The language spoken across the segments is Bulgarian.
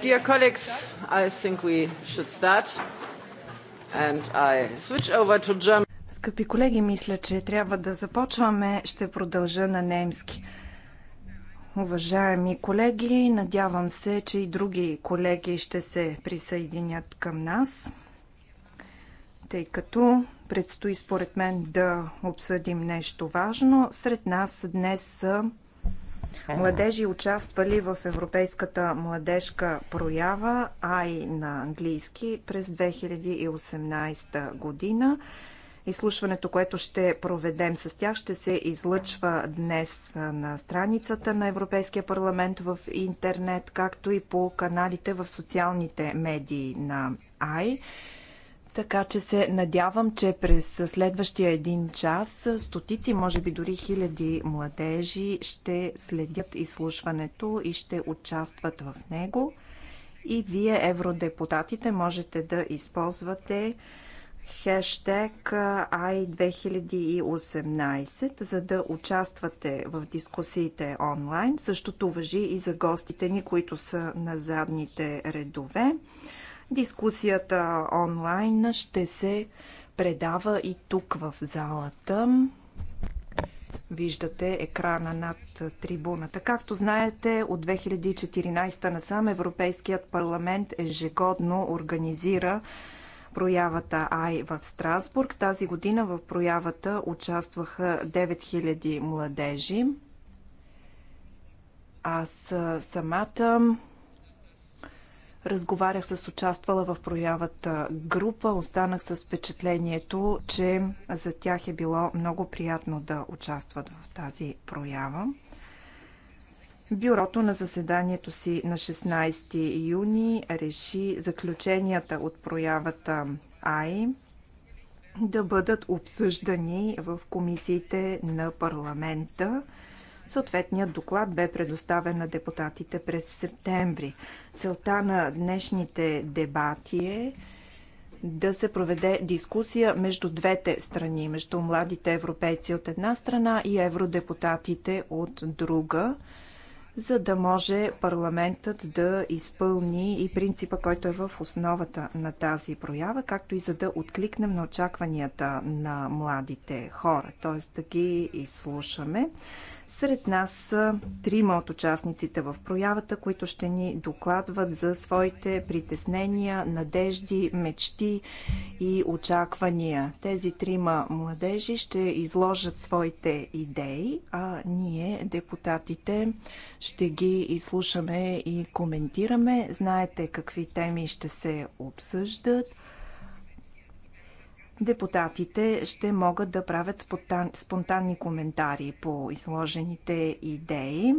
dear colleagues, I think we should start. And I switch over to German. Скъпи колеги, мисля, че трябва да започваме. Ще продължа на немски. Уважаеми колеги, надявам се, че и други колеги ще се присъединят към нас, тъй като предстои според мен да обсъдим нещо важно. Сред нас днес са Младежи участвали в Европейската младежка проява АИ на английски през 2018 година. Изслушването, което ще проведем с тях, ще се излъчва днес на страницата на Европейския парламент в интернет, както и по каналите в социалните медии на АИ. Така че се надявам, че през следващия един час стотици, може би дори хиляди младежи ще следят изслушването и ще участват в него. И вие, евродепутатите, можете да използвате хештег i2018, за да участвате в дискусиите онлайн. Същото въжи и за гостите ни, които са на задните редове. Дискусията онлайн ще се предава и тук в залата. Виждате екрана над трибуната. Както знаете, от 2014 насам Европейският парламент ежегодно организира проявата Ай в Страсбург. Тази година в проявата участваха 9000 младежи. Аз самата Разговарях с участвала в проявата група. Останах с впечатлението, че за тях е било много приятно да участват в тази проява. Бюрото на заседанието си на 16 юни реши заключенията от проявата АИ да бъдат обсъждани в комисиите на парламента. Съответният доклад бе предоставен на депутатите през септември. Целта на днешните дебати е да се проведе дискусия между двете страни, между младите европейци от една страна и евродепутатите от друга, за да може парламентът да изпълни и принципа, който е в основата на тази проява, както и за да откликнем на очакванията на младите хора, т.е. да ги изслушаме. Сред нас са трима от участниците в проявата, които ще ни докладват за своите притеснения, надежди, мечти и очаквания. Тези трима младежи ще изложат своите идеи, а ние, депутатите, ще ги изслушаме и коментираме. Знаете какви теми ще се обсъждат депутатите ще могат да правят спонтанни коментари по изложените идеи.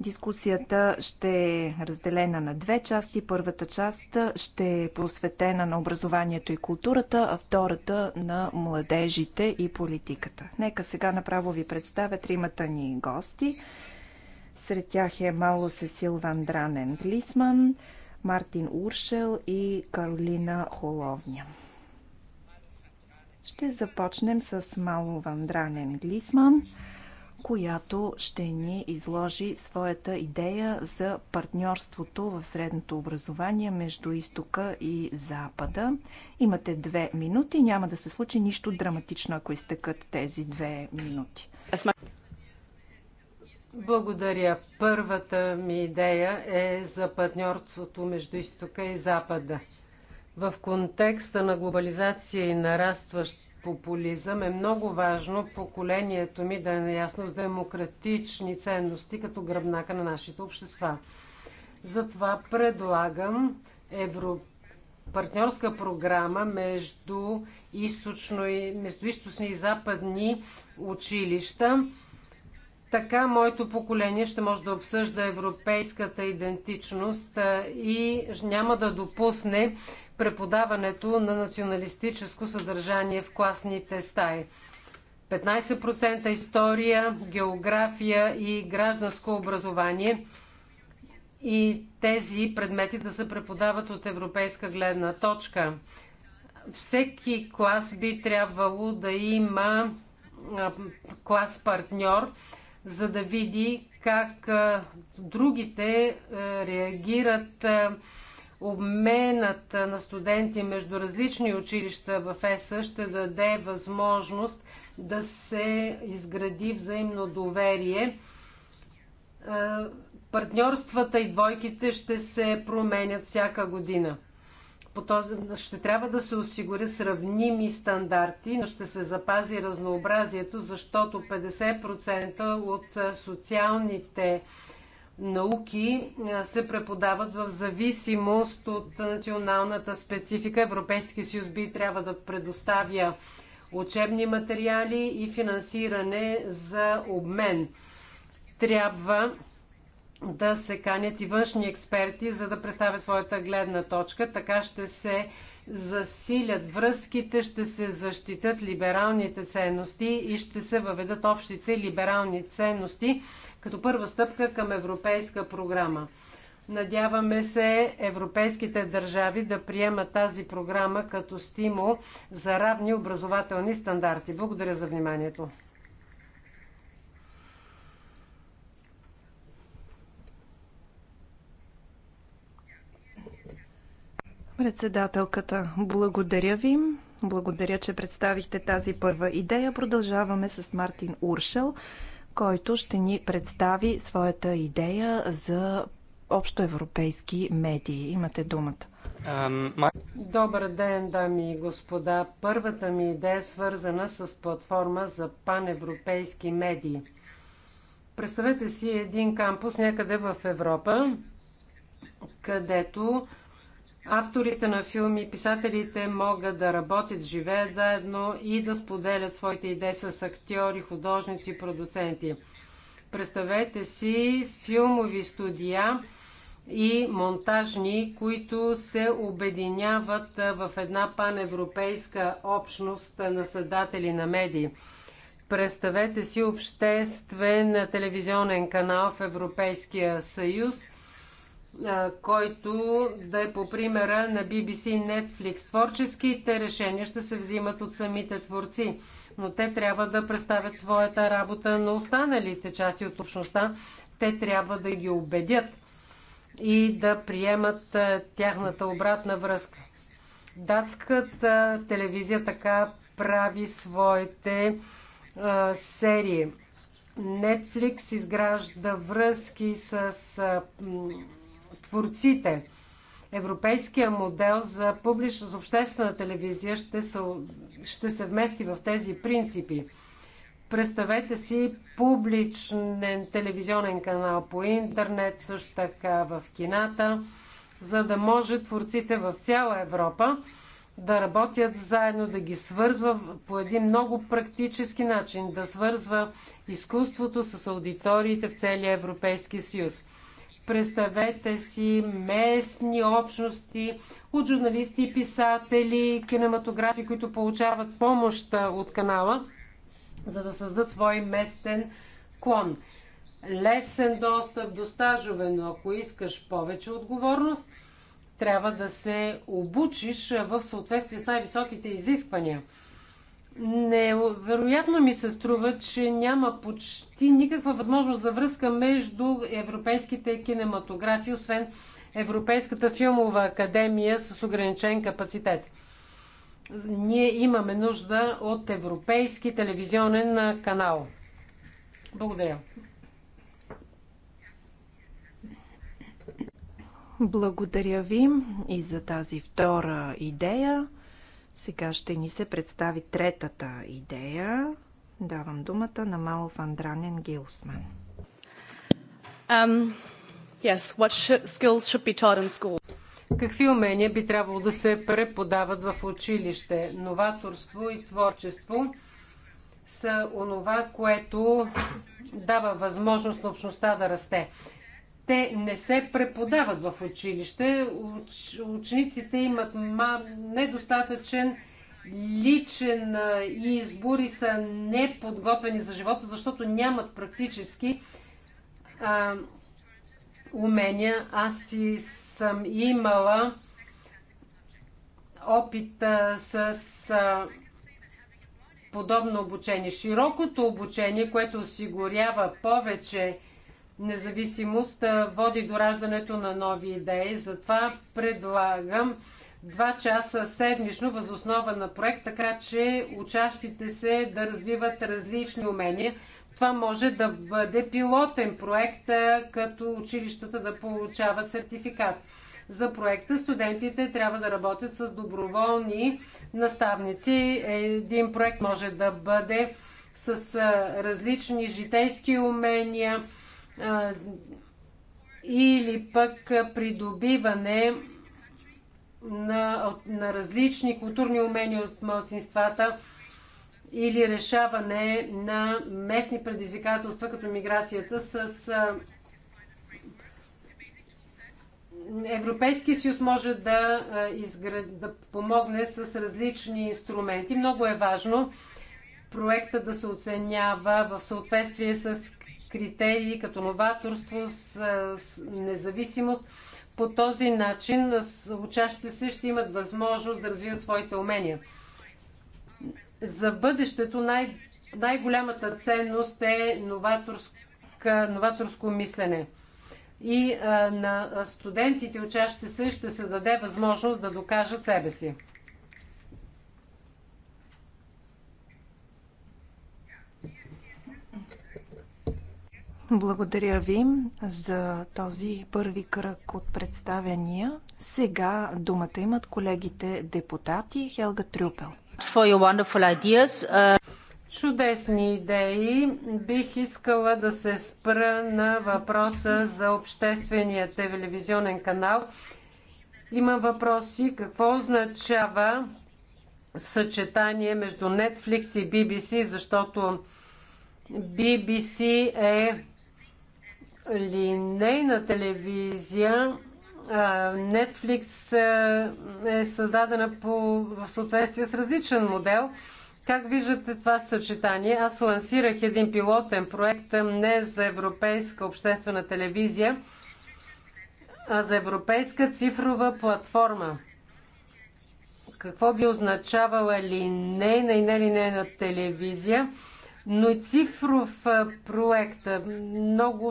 Дискусията ще е разделена на две части. Първата част ще е посветена на образованието и културата, а втората на младежите и политиката. Нека сега направо ви представя тримата ни гости. Сред тях е Мало Сесил Вандранен Дранен Глисман, Мартин Уршел и Каролина Холовня. Ще започнем с Мало Вандранен Глисман, която ще ни изложи своята идея за партньорството в средното образование между изтока и запада. Имате две минути, няма да се случи нищо драматично, ако изтъкат тези две минути. Благодаря. Първата ми идея е за партньорството между изтока и запада – в контекста на глобализация и нарастващ популизъм е много важно поколението ми да е наясно с демократични ценности като гръбнака на нашите общества. Затова предлагам евро... партньорска програма между, източно и... между източни и западни училища. Така моето поколение ще може да обсъжда европейската идентичност и няма да допусне преподаването на националистическо съдържание в класните стаи. 15% история, география и гражданско образование и тези предмети да се преподават от европейска гледна точка. Всеки клас би трябвало да има клас партньор, за да види как другите реагират Обменът на студенти между различни училища в ЕСА ще даде възможност да се изгради взаимно доверие. Е, партньорствата и двойките ще се променят всяка година. По този, ще трябва да се осигуря сравними стандарти, но ще се запази разнообразието, защото 50% от социалните науки се преподават в зависимост от националната специфика. Европейски съюз би трябва да предоставя учебни материали и финансиране за обмен. Трябва да се канят и външни експерти, за да представят своята гледна точка. Така ще се засилят връзките, ще се защитят либералните ценности и ще се въведат общите либерални ценности като първа стъпка към европейска програма. Надяваме се европейските държави да приемат тази програма като стимул за равни образователни стандарти. Благодаря за вниманието. Председателката, благодаря ви. Благодаря, че представихте тази първа идея. Продължаваме с Мартин Уршел който ще ни представи своята идея за общоевропейски медии. Имате думата. Добър ден, дами и господа. Първата ми идея е свързана с платформа за паневропейски медии. Представете си един кампус някъде в Европа, където Авторите на филми и писателите могат да работят, живеят заедно и да споделят своите идеи с актьори, художници, продуценти. Представете си филмови студия и монтажни, които се обединяват в една паневропейска общност на създатели на медии. Представете си обществен телевизионен канал в Европейския съюз – който да е по примера на BBC и Netflix. Творческите решения ще се взимат от самите творци, но те трябва да представят своята работа на останалите части от общността. Те трябва да ги убедят и да приемат тяхната обратна връзка. Датската телевизия така прави своите а, серии. Netflix изгражда връзки с а, творците. Европейския модел за публична, за обществена телевизия ще се, ще се вмести в тези принципи. Представете си публичен телевизионен канал по интернет, също така в кината, за да може творците в цяла Европа да работят заедно, да ги свързва по един много практически начин, да свързва изкуството с аудиториите в целия Европейски съюз. Представете си местни общности от журналисти, писатели, кинематографи, които получават помощ от канала, за да създадат свой местен клон. Лесен достъп до стажове, но ако искаш повече отговорност, трябва да се обучиш в съответствие с най-високите изисквания – Невероятно ми се струва, че няма почти никаква възможност за връзка между европейските кинематографи, освен Европейската филмова академия с ограничен капацитет. Ние имаме нужда от европейски телевизионен канал. Благодаря. Благодаря ви и за тази втора идея. Сега ще ни се представи третата идея. Давам думата на Мало Фандранен Гилсман. Um, yes, what should, skills should be taught in school? Какви умения би трябвало да се преподават в училище? Новаторство и творчество са онова, което дава възможност на общността да расте те не се преподават в училище. Уч, учениците имат недостатъчен личен избор и са неподготвени за живота, защото нямат практически а, умения. Аз си съм имала опит а, с а, подобно обучение. Широкото обучение, което осигурява повече независимост води до раждането на нови идеи. Затова предлагам два часа седмично възоснова на проект, така че учащите се да развиват различни умения. Това може да бъде пилотен проект, като училищата да получават сертификат. За проекта студентите трябва да работят с доброволни наставници. Един проект може да бъде с различни житейски умения, или пък придобиване на, на различни културни умения от младсинствата или решаване на местни предизвикателства, като миграцията с Европейския съюз може да, изград, да помогне с различни инструменти. Много е важно проекта да се оценява в съответствие с критерии като новаторство, с, с независимост. По този начин учащите се ще имат възможност да развият своите умения. За бъдещето най- най-голямата ценност е новаторско мислене и а, на студентите, учащите се, ще се даде възможност да докажат себе си. Благодаря ви за този първи кръг от представения. Сега думата имат колегите депутати Хелга Трюпел. Uh, Чудесни идеи. Бих искала да се спра на въпроса за обществения телевизионен канал. Има въпроси какво означава съчетание между Netflix и BBC, защото BBC е линейна телевизия Netflix е създадена по, в съответствие с различен модел. Как виждате това съчетание? Аз лансирах един пилотен проект не за европейска обществена телевизия, а за европейска цифрова платформа. Какво би означавала линейна и нелинейна телевизия? но и цифров проект. Много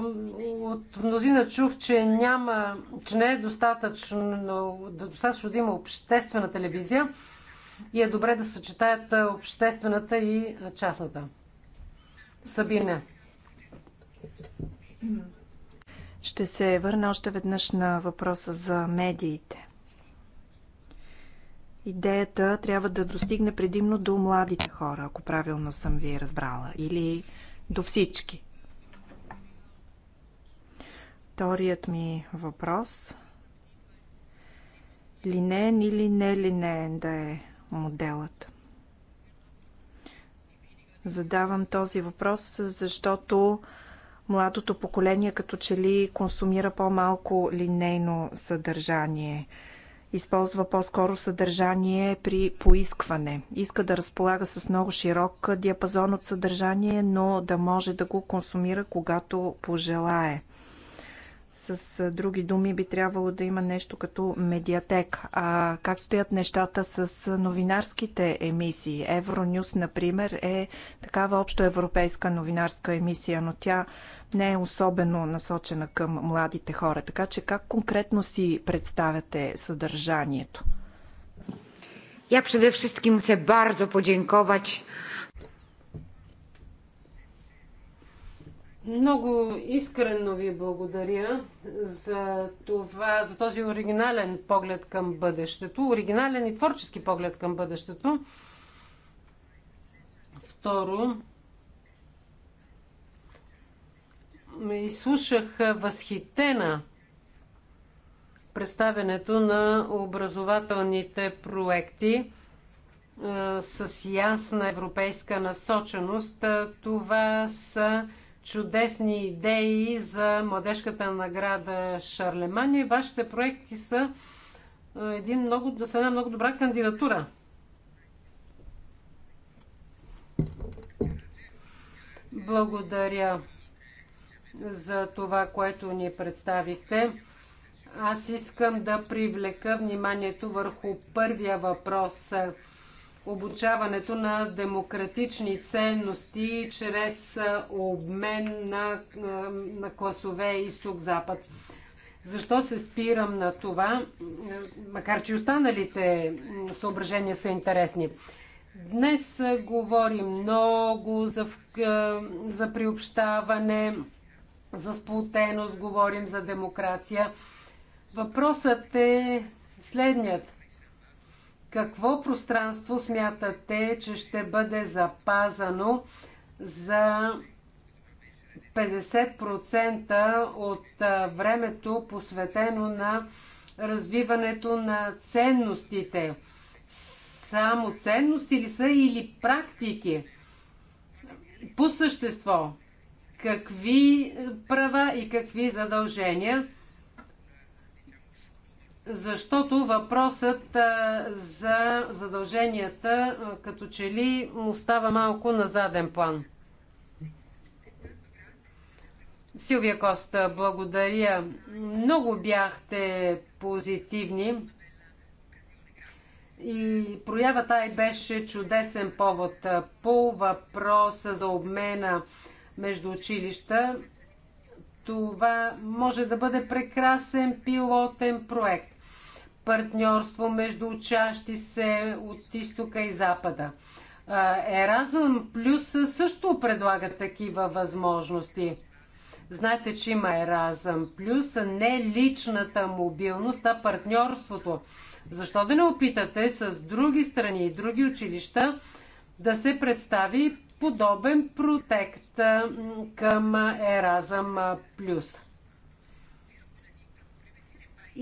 от мнозина чух, че няма, че не е достатъчно, достатъчно да има обществена телевизия и е добре да съчетаят обществената и частната. Сабине. Ще се върна още веднъж на въпроса за медиите идеята трябва да достигне предимно до младите хора, ако правилно съм ви разбрала, или до всички. Вторият ми въпрос линеен или нелинеен да е моделът. Задавам този въпрос, защото младото поколение като че ли консумира по-малко линейно съдържание – използва по-скоро съдържание при поискване. Иска да разполага с много широк диапазон от съдържание, но да може да го консумира, когато пожелае. С други думи, би трябвало да има нещо като медиатек. А как стоят нещата с новинарските емисии? Евронюс, например, е такава общо европейска новинарска емисия, но тя не е особено насочена към младите хора. Така че как конкретно си представяте съдържанието? Я, преди всички му се бардо podziękować Много искрено ви благодаря за, това, за този оригинален поглед към бъдещето, оригинален и творчески поглед към бъдещето. Второ, изслушах възхитена представенето на образователните проекти с ясна европейска насоченост. Това са чудесни идеи за младежката награда Шарлеман и вашите проекти са, е, един много, са една много добра кандидатура. Благодаря за това, което ни представихте. Аз искам да привлека вниманието върху първия въпрос – обучаването на демократични ценности чрез обмен на, на класове изток-запад. Защо се спирам на това, макар че останалите съображения са интересни? Днес говорим много за, за приобщаване, за сплутеност, говорим за демокрация. Въпросът е следният – какво пространство смятате, че ще бъде запазано за 50% от времето посветено на развиването на ценностите? Само ценности ли са или практики? По същество, какви права и какви задължения? защото въпросът за задълженията като че ли остава малко на заден план. Силвия Коста, благодаря. Много бяхте позитивни. И проявата и беше чудесен повод по въпроса за обмена между училища. Това може да бъде прекрасен пилотен проект партньорство между учащи се от изтока и запада. Еразъм Плюс също предлага такива възможности. Знаете, че има Еразъм Плюс, не личната мобилност, а партньорството. Защо да не опитате с други страни и други училища да се представи подобен протект към Еразъм Плюс?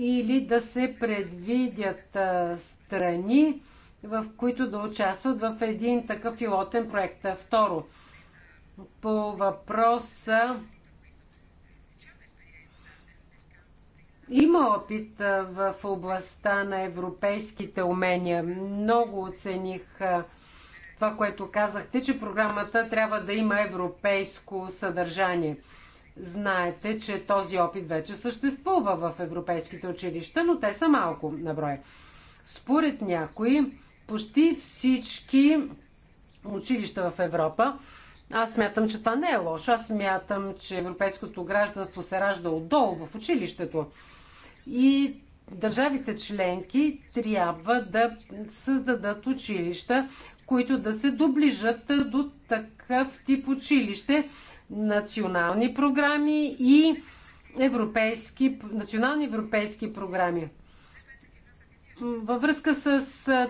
или да се предвидят страни, в които да участват в един такъв пилотен проект. Второ, по въпроса Има опит в областта на европейските умения. Много оцених това, което казахте, че програмата трябва да има европейско съдържание. Знаете, че този опит вече съществува в европейските училища, но те са малко на брой. Според някои, почти всички училища в Европа, аз смятам, че това не е лошо. Аз смятам, че европейското гражданство се ражда отдолу в училището. И държавите членки трябва да създадат училища, които да се доближат до такъв тип училище, национални програми и европейски, национални европейски програми. Във връзка с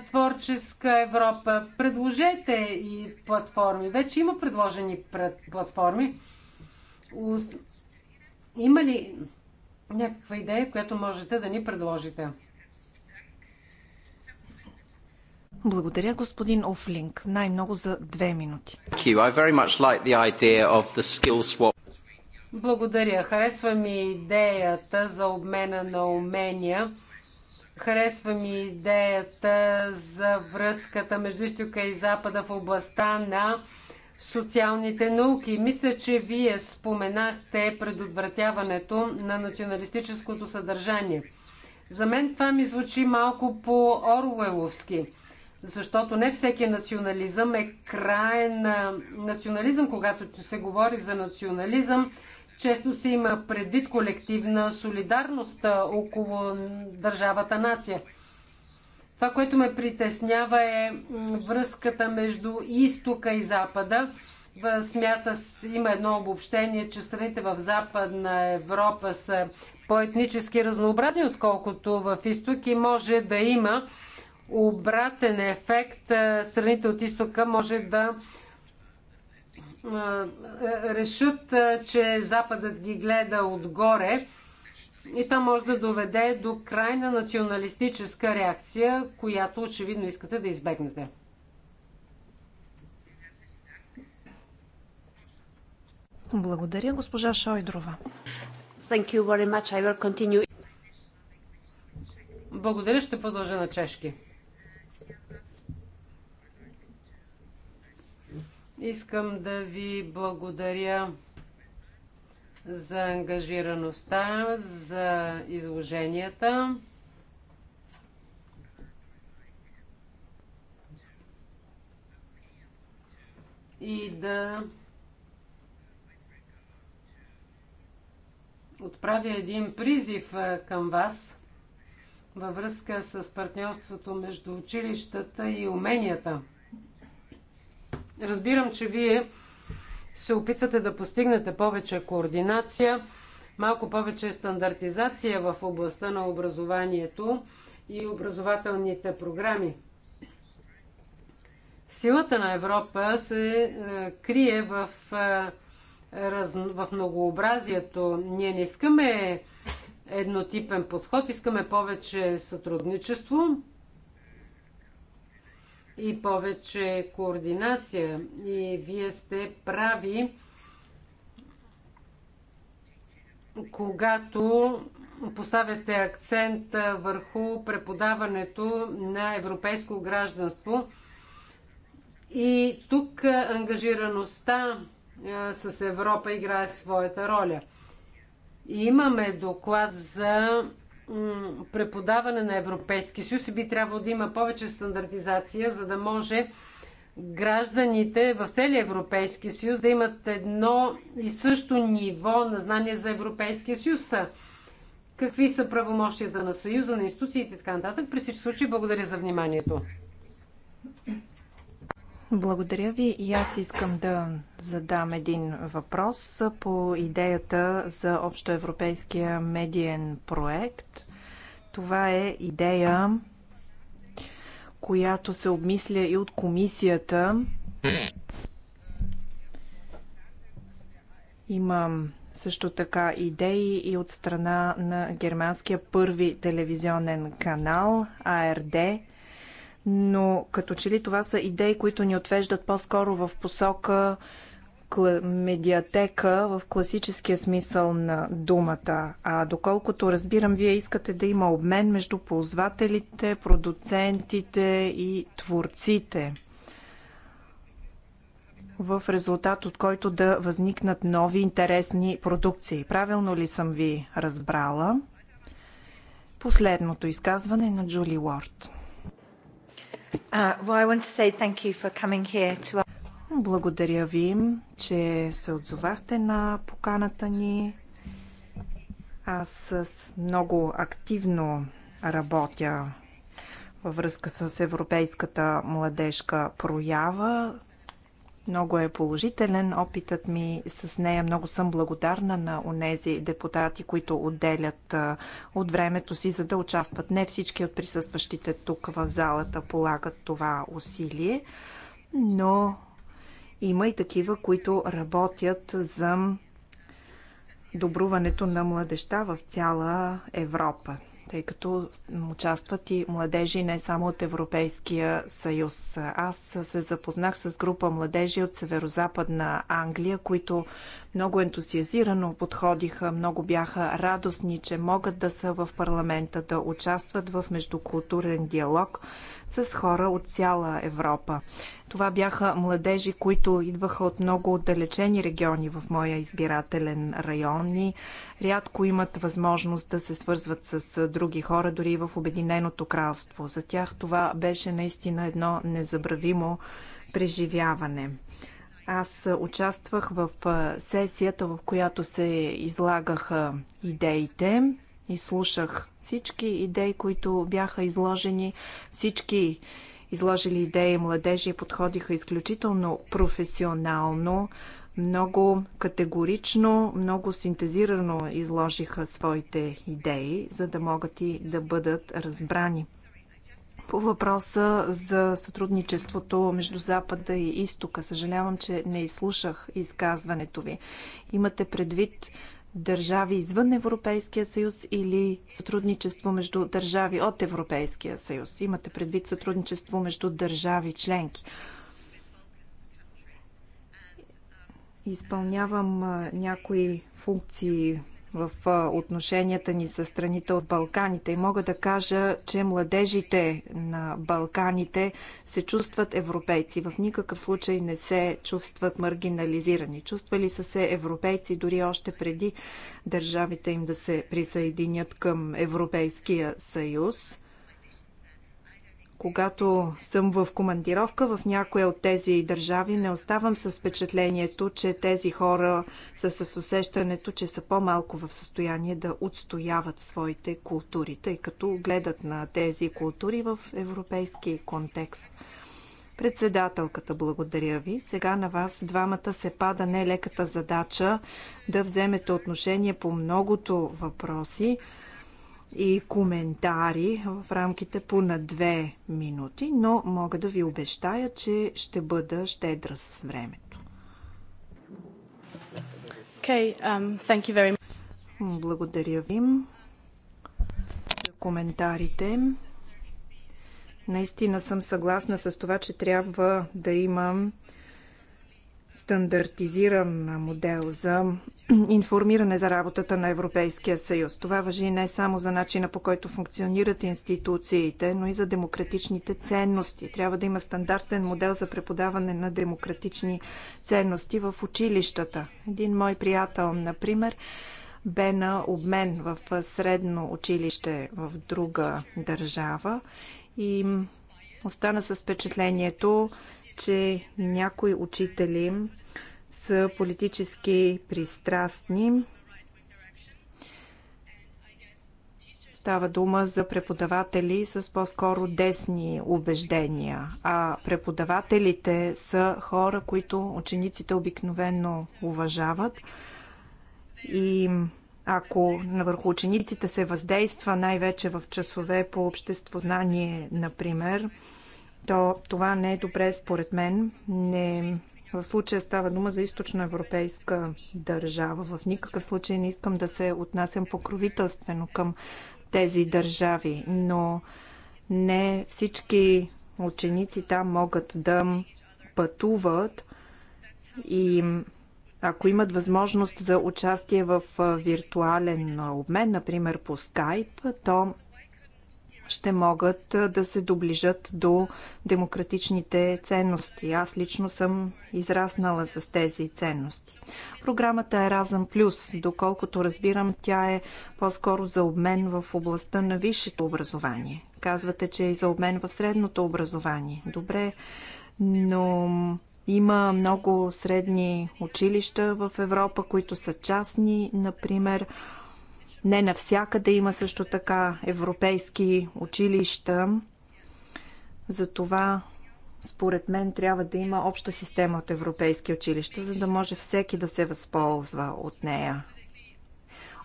Творческа Европа, предложете и платформи. Вече има предложени платформи. Има ли някаква идея, която можете да ни предложите? Благодаря, господин Офлинг. Най-много за две минути. Благодаря. Харесва ми идеята за обмена на умения. Харесва ми идеята за връзката между изтока и запада в областта на социалните науки. Мисля, че вие споменахте предотвратяването на националистическото съдържание. За мен това ми звучи малко по-орвеловски. Защото не всеки национализъм е краен на национализъм. Когато се говори за национализъм, често се има предвид колективна солидарност около държавата нация. Това, което ме притеснява е връзката между изтока и запада. Смята, има едно обобщение, че страните в Западна Европа са по-етнически разнообразни, отколкото в изток и може да има обратен ефект. Страните от изтока може да решат, че Западът ги гледа отгоре и това може да доведе до крайна националистическа реакция, която очевидно искате да избегнете. Благодаря, госпожа Шойдрова. Thank you very much. I will continue. Благодаря, ще продължа на чешки. Искам да ви благодаря за ангажираността, за изложенията. И да отправя един призив към вас във връзка с партньорството между училищата и уменията – Разбирам, че вие се опитвате да постигнете повече координация, малко повече стандартизация в областта на образованието и образователните програми. Силата на Европа се е, крие в, е, в многообразието. Ние не искаме еднотипен подход, искаме повече сътрудничество, и повече координация. И вие сте прави, когато поставяте акцент върху преподаването на европейско гражданство. И тук ангажираността с Европа играе своята роля. И имаме доклад за преподаване на Европейски съюз и би трябвало да има повече стандартизация, за да може гражданите в целия Европейски съюз да имат едно и също ниво на знание за Европейския съюз. Какви са правомощията на Съюза, на институциите и така нататък. При всички случаи благодаря за вниманието. Благодаря ви. И аз искам да задам един въпрос по идеята за общоевропейския медиен проект. Това е идея, която се обмисля и от комисията. Имам също така идеи и от страна на германския първи телевизионен канал АРД – но като че ли това са идеи, които ни отвеждат по-скоро в посока медиатека в класическия смисъл на думата. А доколкото разбирам, вие искате да има обмен между ползвателите, продуцентите и творците, в резултат от който да възникнат нови интересни продукции. Правилно ли съм ви разбрала? Последното изказване на Джули Уорд. Uh, Благодаря ви, че се отзовахте на поканата ни. Аз с много активно работя във връзка с Европейската младежка проява. Много е положителен опитът ми с нея. Много съм благодарна на онези депутати, които отделят от времето си, за да участват. Не всички от присъстващите тук в залата полагат това усилие, но има и такива, които работят за добруването на младеща в цяла Европа тъй като участват и младежи не само от Европейския съюз. Аз се запознах с група младежи от северо-западна Англия, които много ентусиазирано подходиха, много бяха радостни, че могат да са в парламента, да участват в междукултурен диалог, с хора от цяла Европа. Това бяха младежи, които идваха от много отдалечени региони в моя избирателен район и рядко имат възможност да се свързват с други хора, дори и в Обединеното кралство. За тях това беше наистина едно незабравимо преживяване. Аз участвах в сесията, в която се излагаха идеите изслушах всички идеи, които бяха изложени, всички изложили идеи младежи подходиха изключително професионално, много категорично, много синтезирано изложиха своите идеи, за да могат и да бъдат разбрани. По въпроса за сътрудничеството между Запада и Изтока, съжалявам, че не изслушах изказването ви. Имате предвид държави извън Европейския съюз или сътрудничество между държави от Европейския съюз? Имате предвид сътрудничество между държави членки. Изпълнявам някои функции в отношенията ни с страните от Балканите. И мога да кажа, че младежите на Балканите се чувстват европейци. В никакъв случай не се чувстват маргинализирани. Чувствали са се европейци дори още преди държавите им да се присъединят към Европейския съюз когато съм в командировка в някоя от тези държави, не оставам с впечатлението, че тези хора са с усещането, че са по-малко в състояние да отстояват своите култури, тъй като гледат на тези култури в европейски контекст. Председателката, благодаря ви. Сега на вас двамата се пада нелеката задача да вземете отношение по многото въпроси, и коментари в рамките по на две минути, но мога да ви обещая, че ще бъда щедра с времето. Okay, um, thank you very much. Благодаря ви за коментарите. Наистина съм съгласна с това, че трябва да имам стандартизиран модел за информиране за работата на Европейския съюз. Това въжи не само за начина по който функционират институциите, но и за демократичните ценности. Трябва да има стандартен модел за преподаване на демократични ценности в училищата. Един мой приятел, например, бе на обмен в средно училище в друга държава и остана с впечатлението, че някои учители са политически пристрастни. Става дума за преподаватели с по-скоро десни убеждения, а преподавателите са хора, които учениците обикновено уважават и ако върху учениците се въздейства най-вече в часове по обществознание, например, то това не е добре според мен. Не, в случая става дума за източноевропейска държава. В никакъв случай не искам да се отнасям покровителствено към тези държави, но не всички ученици там могат да пътуват и ако имат възможност за участие в виртуален обмен, например по Skype, то ще могат да се доближат до демократичните ценности. Аз лично съм израснала с тези ценности. Програмата е Разъм Плюс. Доколкото разбирам, тя е по-скоро за обмен в областта на висшето образование. Казвате, че е и за обмен в средното образование. Добре, но има много средни училища в Европа, които са частни, например не навсякъде има също така европейски училища. Затова, според мен, трябва да има обща система от европейски училища, за да може всеки да се възползва от нея.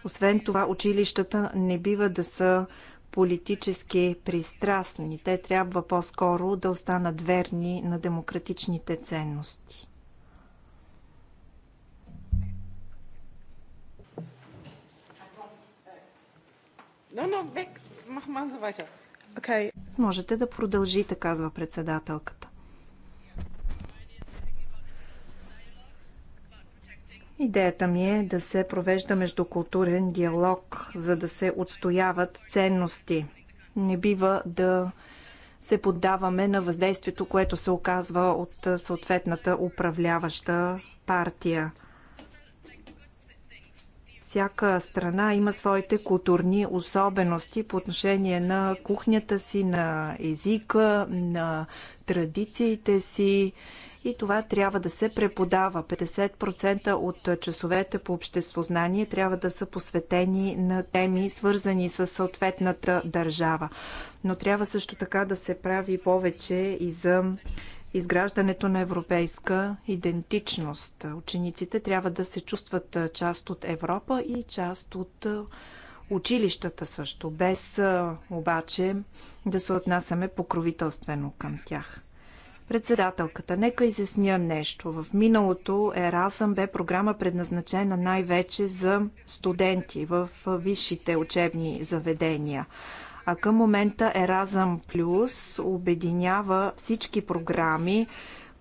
Освен това, училищата не бива да са политически пристрастни. Те трябва по-скоро да останат верни на демократичните ценности. No, no, back. Mach mal so weiter. Okay. Можете да продължите, казва председателката. Идеята ми е да се провежда междукултурен диалог, за да се отстояват ценности. Не бива да се поддаваме на въздействието, което се оказва от съответната управляваща партия. Всяка страна има своите културни особености по отношение на кухнята си, на езика, на традициите си и това трябва да се преподава. 50% от часовете по обществознание трябва да са посветени на теми, свързани с съответната държава. Но трябва също така да се прави повече и за изграждането на европейска идентичност. Учениците трябва да се чувстват част от Европа и част от училищата също, без обаче да се отнасяме покровителствено към тях. Председателката, нека изясня нещо. В миналото Еразъм бе програма предназначена най-вече за студенти в висшите учебни заведения. А към момента Еразъм Плюс обединява всички програми,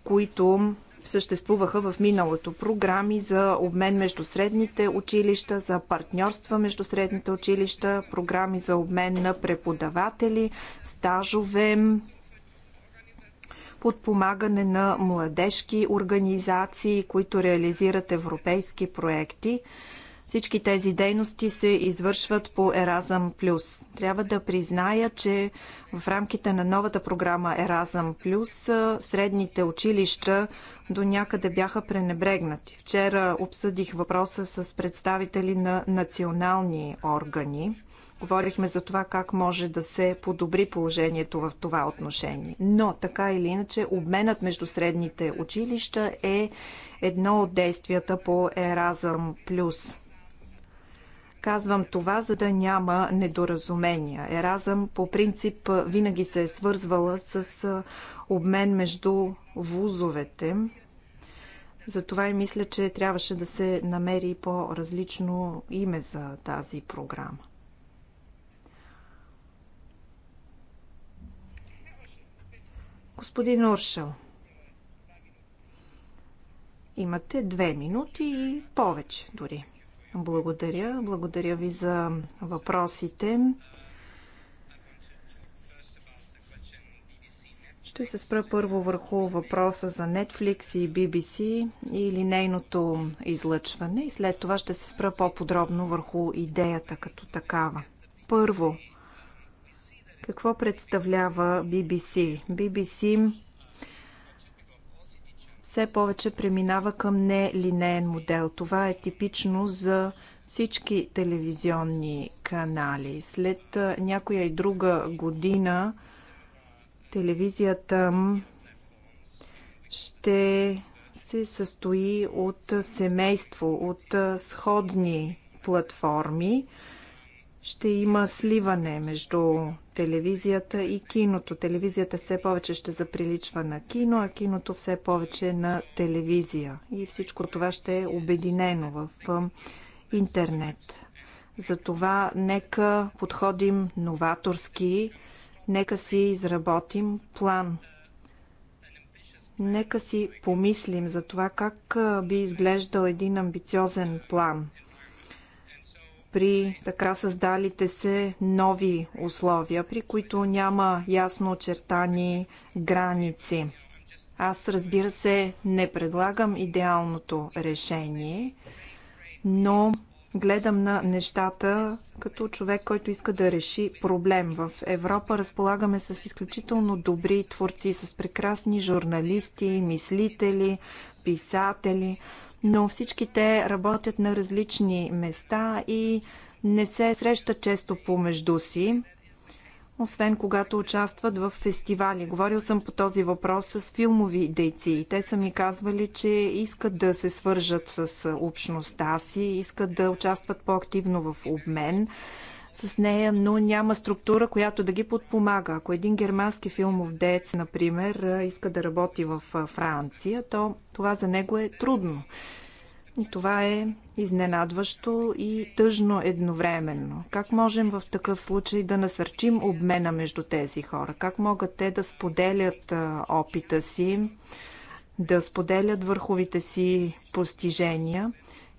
които съществуваха в миналото. Програми за обмен между средните училища, за партньорства между средните училища, програми за обмен на преподаватели, стажове, подпомагане на младежки организации, които реализират европейски проекти. Всички тези дейности се извършват по Еразъм Плюс. Трябва да призная, че в рамките на новата програма Еразъм Плюс средните училища до някъде бяха пренебрегнати. Вчера обсъдих въпроса с представители на национални органи. Говорихме за това как може да се подобри положението в това отношение. Но така или иначе, обменът между средните училища е едно от действията по Еразъм Плюс. Казвам това, за да няма недоразумения. Еразъм по принцип винаги се е свързвала с обмен между вузовете. Затова и мисля, че трябваше да се намери по-различно име за тази програма. Господин Уршел, имате две минути и повече дори. Благодаря. Благодаря ви за въпросите. Ще се спра първо върху въпроса за Netflix и BBC или нейното излъчване и след това ще се спра по-подробно върху идеята като такава. Първо, какво представлява BBC? BBC все повече преминава към нелинеен модел. Това е типично за всички телевизионни канали. След някоя и друга година телевизията ще се състои от семейство, от сходни платформи ще има сливане между телевизията и киното. Телевизията все повече ще заприличва на кино, а киното все повече на телевизия. И всичко това ще е обединено в интернет. Затова нека подходим новаторски, нека си изработим план. Нека си помислим за това как би изглеждал един амбициозен план – при така създалите се нови условия, при които няма ясно очертани граници. Аз, разбира се, не предлагам идеалното решение, но гледам на нещата като човек, който иска да реши проблем. В Европа разполагаме с изключително добри творци, с прекрасни журналисти, мислители, писатели но всички те работят на различни места и не се срещат често помежду си, освен когато участват в фестивали. Говорил съм по този въпрос с филмови дейци. Те са ми казвали, че искат да се свържат с общността си, искат да участват по-активно в обмен с нея, но няма структура, която да ги подпомага. Ако един германски филмов дец, например, иска да работи в Франция, то това за него е трудно. И това е изненадващо и тъжно едновременно. Как можем в такъв случай да насърчим обмена между тези хора? Как могат те да споделят опита си, да споделят върховите си постижения?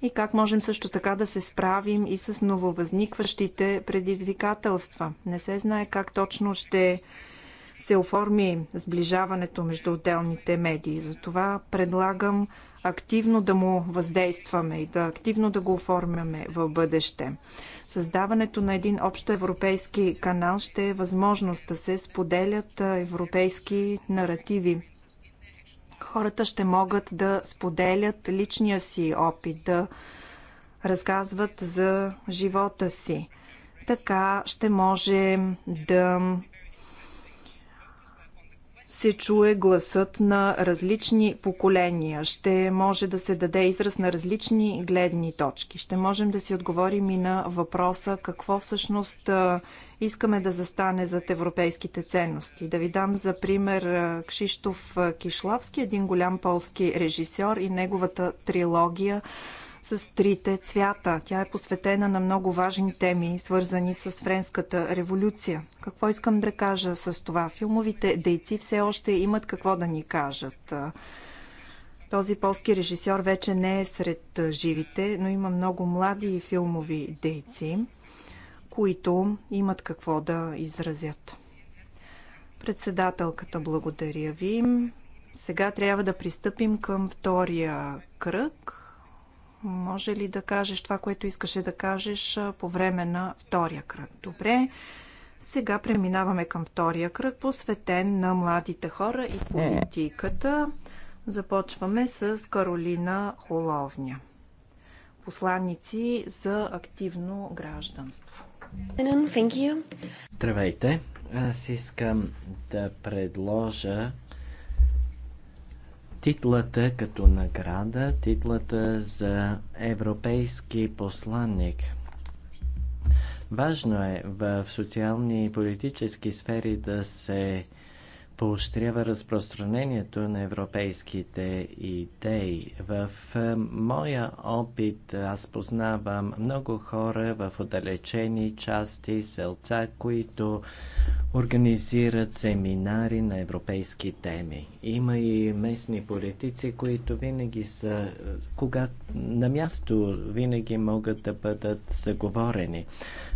и как можем също така да се справим и с нововъзникващите предизвикателства. Не се знае как точно ще се оформи сближаването между отделните медии. Затова предлагам активно да му въздействаме и да активно да го оформяме в бъдеще. Създаването на един общо европейски канал ще е възможност да се споделят европейски наративи Хората ще могат да споделят личния си опит, да разказват за живота си. Така ще може да се чуе гласът на различни поколения, ще може да се даде израз на различни гледни точки. Ще можем да си отговорим и на въпроса какво всъщност искаме да застане зад европейските ценности. Да ви дам за пример Кшиштоф Кишлавски, един голям полски режисьор и неговата трилогия с трите цвята. Тя е посветена на много важни теми, свързани с Френската революция. Какво искам да кажа с това? Филмовите дейци все още имат какво да ни кажат. Този полски режисьор вече не е сред живите, но има много млади филмови дейци, които имат какво да изразят. Председателката, благодаря ви. Сега трябва да пристъпим към втория кръг може ли да кажеш това, което искаше да кажеш по време на втория кръг? Добре. Сега преминаваме към втория кръг, посветен на младите хора и политиката. Започваме с Каролина Холовня. Посланници за активно гражданство. Здравейте! Аз искам да предложа Титлата като награда, титлата за европейски посланник. Важно е в социални и политически сфери да се поощрява разпространението на европейските идеи. В е, моя опит аз познавам много хора в отдалечени части, селца, които организират семинари на европейски теми. Има и местни политици, които винаги са, кога на място винаги могат да бъдат заговорени.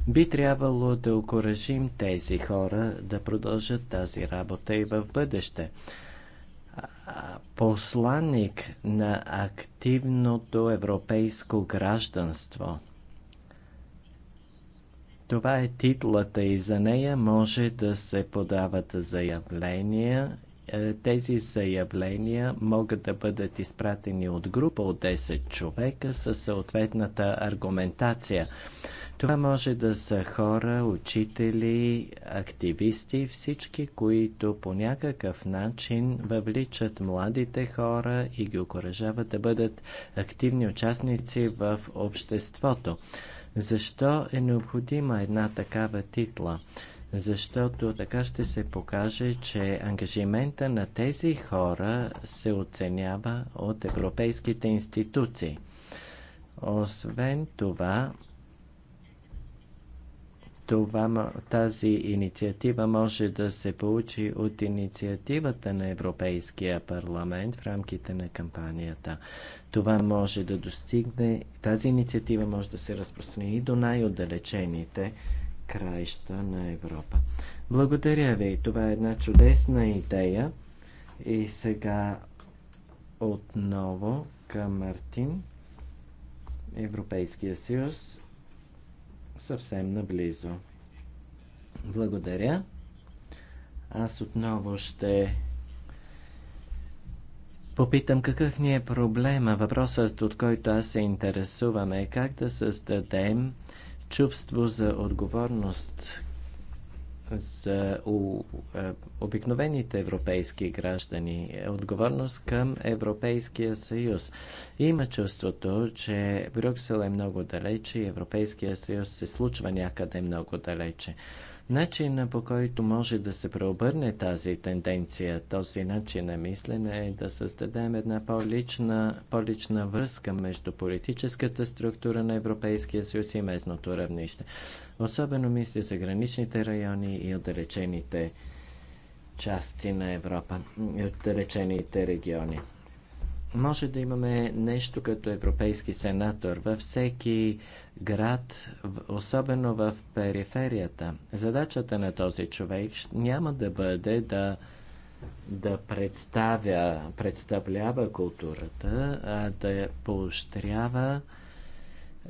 Би трябвало да окоръжим тези хора да продължат тази работа и в бъдеще. Посланник на активното европейско гражданство – това е титлата и за нея може да се подават заявления. Е, тези заявления могат да бъдат изпратени от група от 10 човека със съответната аргументация. Това може да са хора, учители, активисти, всички, които по някакъв начин въвличат младите хора и ги окоръжават да бъдат активни участници в обществото. Защо е необходима една такава титла? Защото така ще се покаже, че ангажимента на тези хора се оценява от европейските институции. Освен това, това, тази инициатива може да се получи от инициативата на Европейския парламент в рамките на кампанията. Това може да достигне, тази инициатива може да се разпространи и до най-отдалечените краища на Европа. Благодаря ви. Това е една чудесна идея. И сега отново към Мартин. Европейския съюз съвсем наблизо. Благодаря. Аз отново ще попитам какъв ни е проблема. Въпросът, от който аз се интересувам е как да създадем чувство за отговорност за е, обикновените европейски граждани, е отговорност към Европейския съюз. Има чувството, че Брюксел е много далече и Европейския съюз се случва някъде много далече. Начина по който може да се преобърне тази тенденция, този начин на мислене е да създадем една по-лична, по-лична връзка между политическата структура на Европейския съюз и местното равнище. Особено мисли за граничните райони и отдалечените части на Европа, отдалечените региони може да имаме нещо като европейски сенатор във всеки град, особено в периферията. Задачата на този човек няма да бъде да, да представя, представлява културата, а да поощрява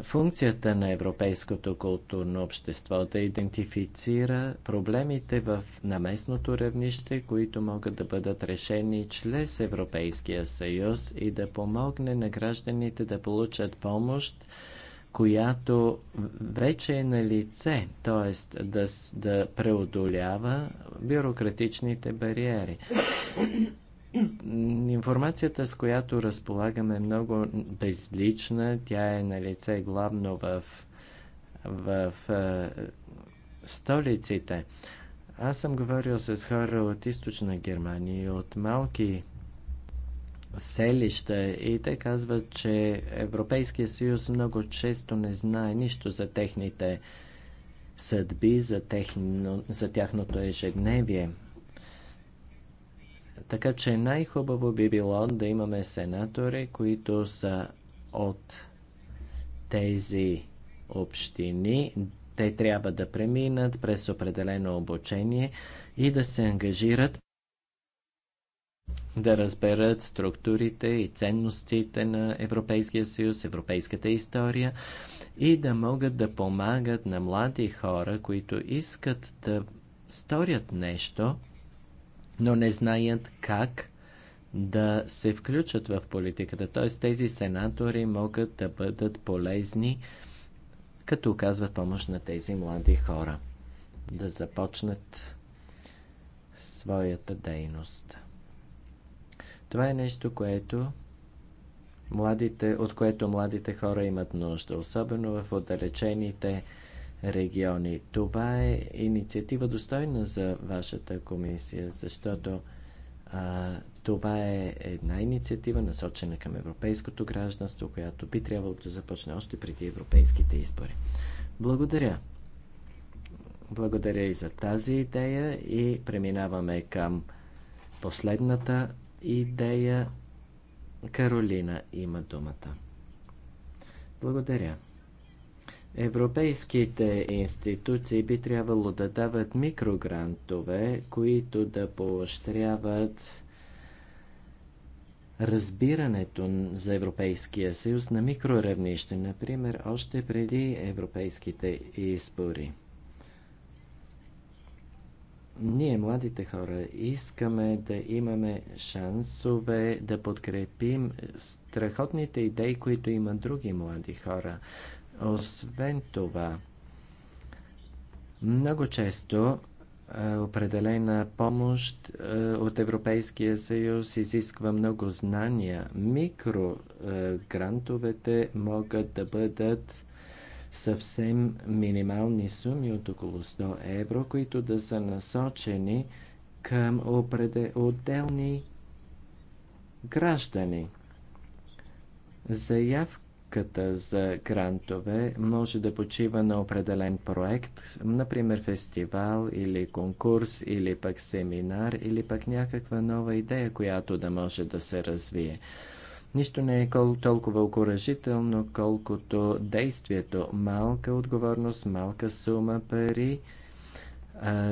Функцията на европейското културно общество да идентифицира проблемите в, на местното равнище, които могат да бъдат решени чрез Европейския съюз и да помогне на гражданите да получат помощ, която вече е на лице, т.е. Да, да преодолява бюрократичните бариери. Информацията, с която разполагаме, е много безлична. Тя е на лице главно в, в, в е, столиците. Аз съм говорил с хора от източна Германия, от малки селища и те казват, че Европейския съюз много често не знае нищо за техните съдби, за, техно, за тяхното ежедневие. Така че най-хубаво би било да имаме сенатори, които са от тези общини. Те трябва да преминат през определено обучение и да се ангажират да разберат структурите и ценностите на Европейския съюз, европейската история и да могат да помагат на млади хора, които искат да сторят нещо – но не знаят как да се включат в политиката. Т.е. тези сенатори могат да бъдат полезни, като оказват помощ на тези млади хора да започнат своята дейност. Това е нещо, което младите, от което младите хора имат нужда, особено в отдалечените региони. Това е инициатива достойна за вашата комисия, защото а, това е една инициатива, насочена към европейското гражданство, която би трябвало да започне още преди европейските избори. Благодаря. Благодаря и за тази идея и преминаваме към последната идея. Каролина има думата. Благодаря. Европейските институции би трябвало да дават микрогрантове, които да поощряват разбирането за Европейския съюз на микроравнище, например, още преди европейските избори. Ние, младите хора, искаме да имаме шансове да подкрепим страхотните идеи, които имат други млади хора. Освен това, много често определена помощ от Европейския съюз изисква много знания. Микрогрантовете могат да бъдат съвсем минимални суми от около 100 евро, които да са насочени към отделни граждани. Заявка Оценката за грантове може да почива на определен проект, например фестивал или конкурс, или пък семинар, или пък някаква нова идея, която да може да се развие. Нищо не е толкова окоръжително, колкото действието. Малка отговорност, малка сума пари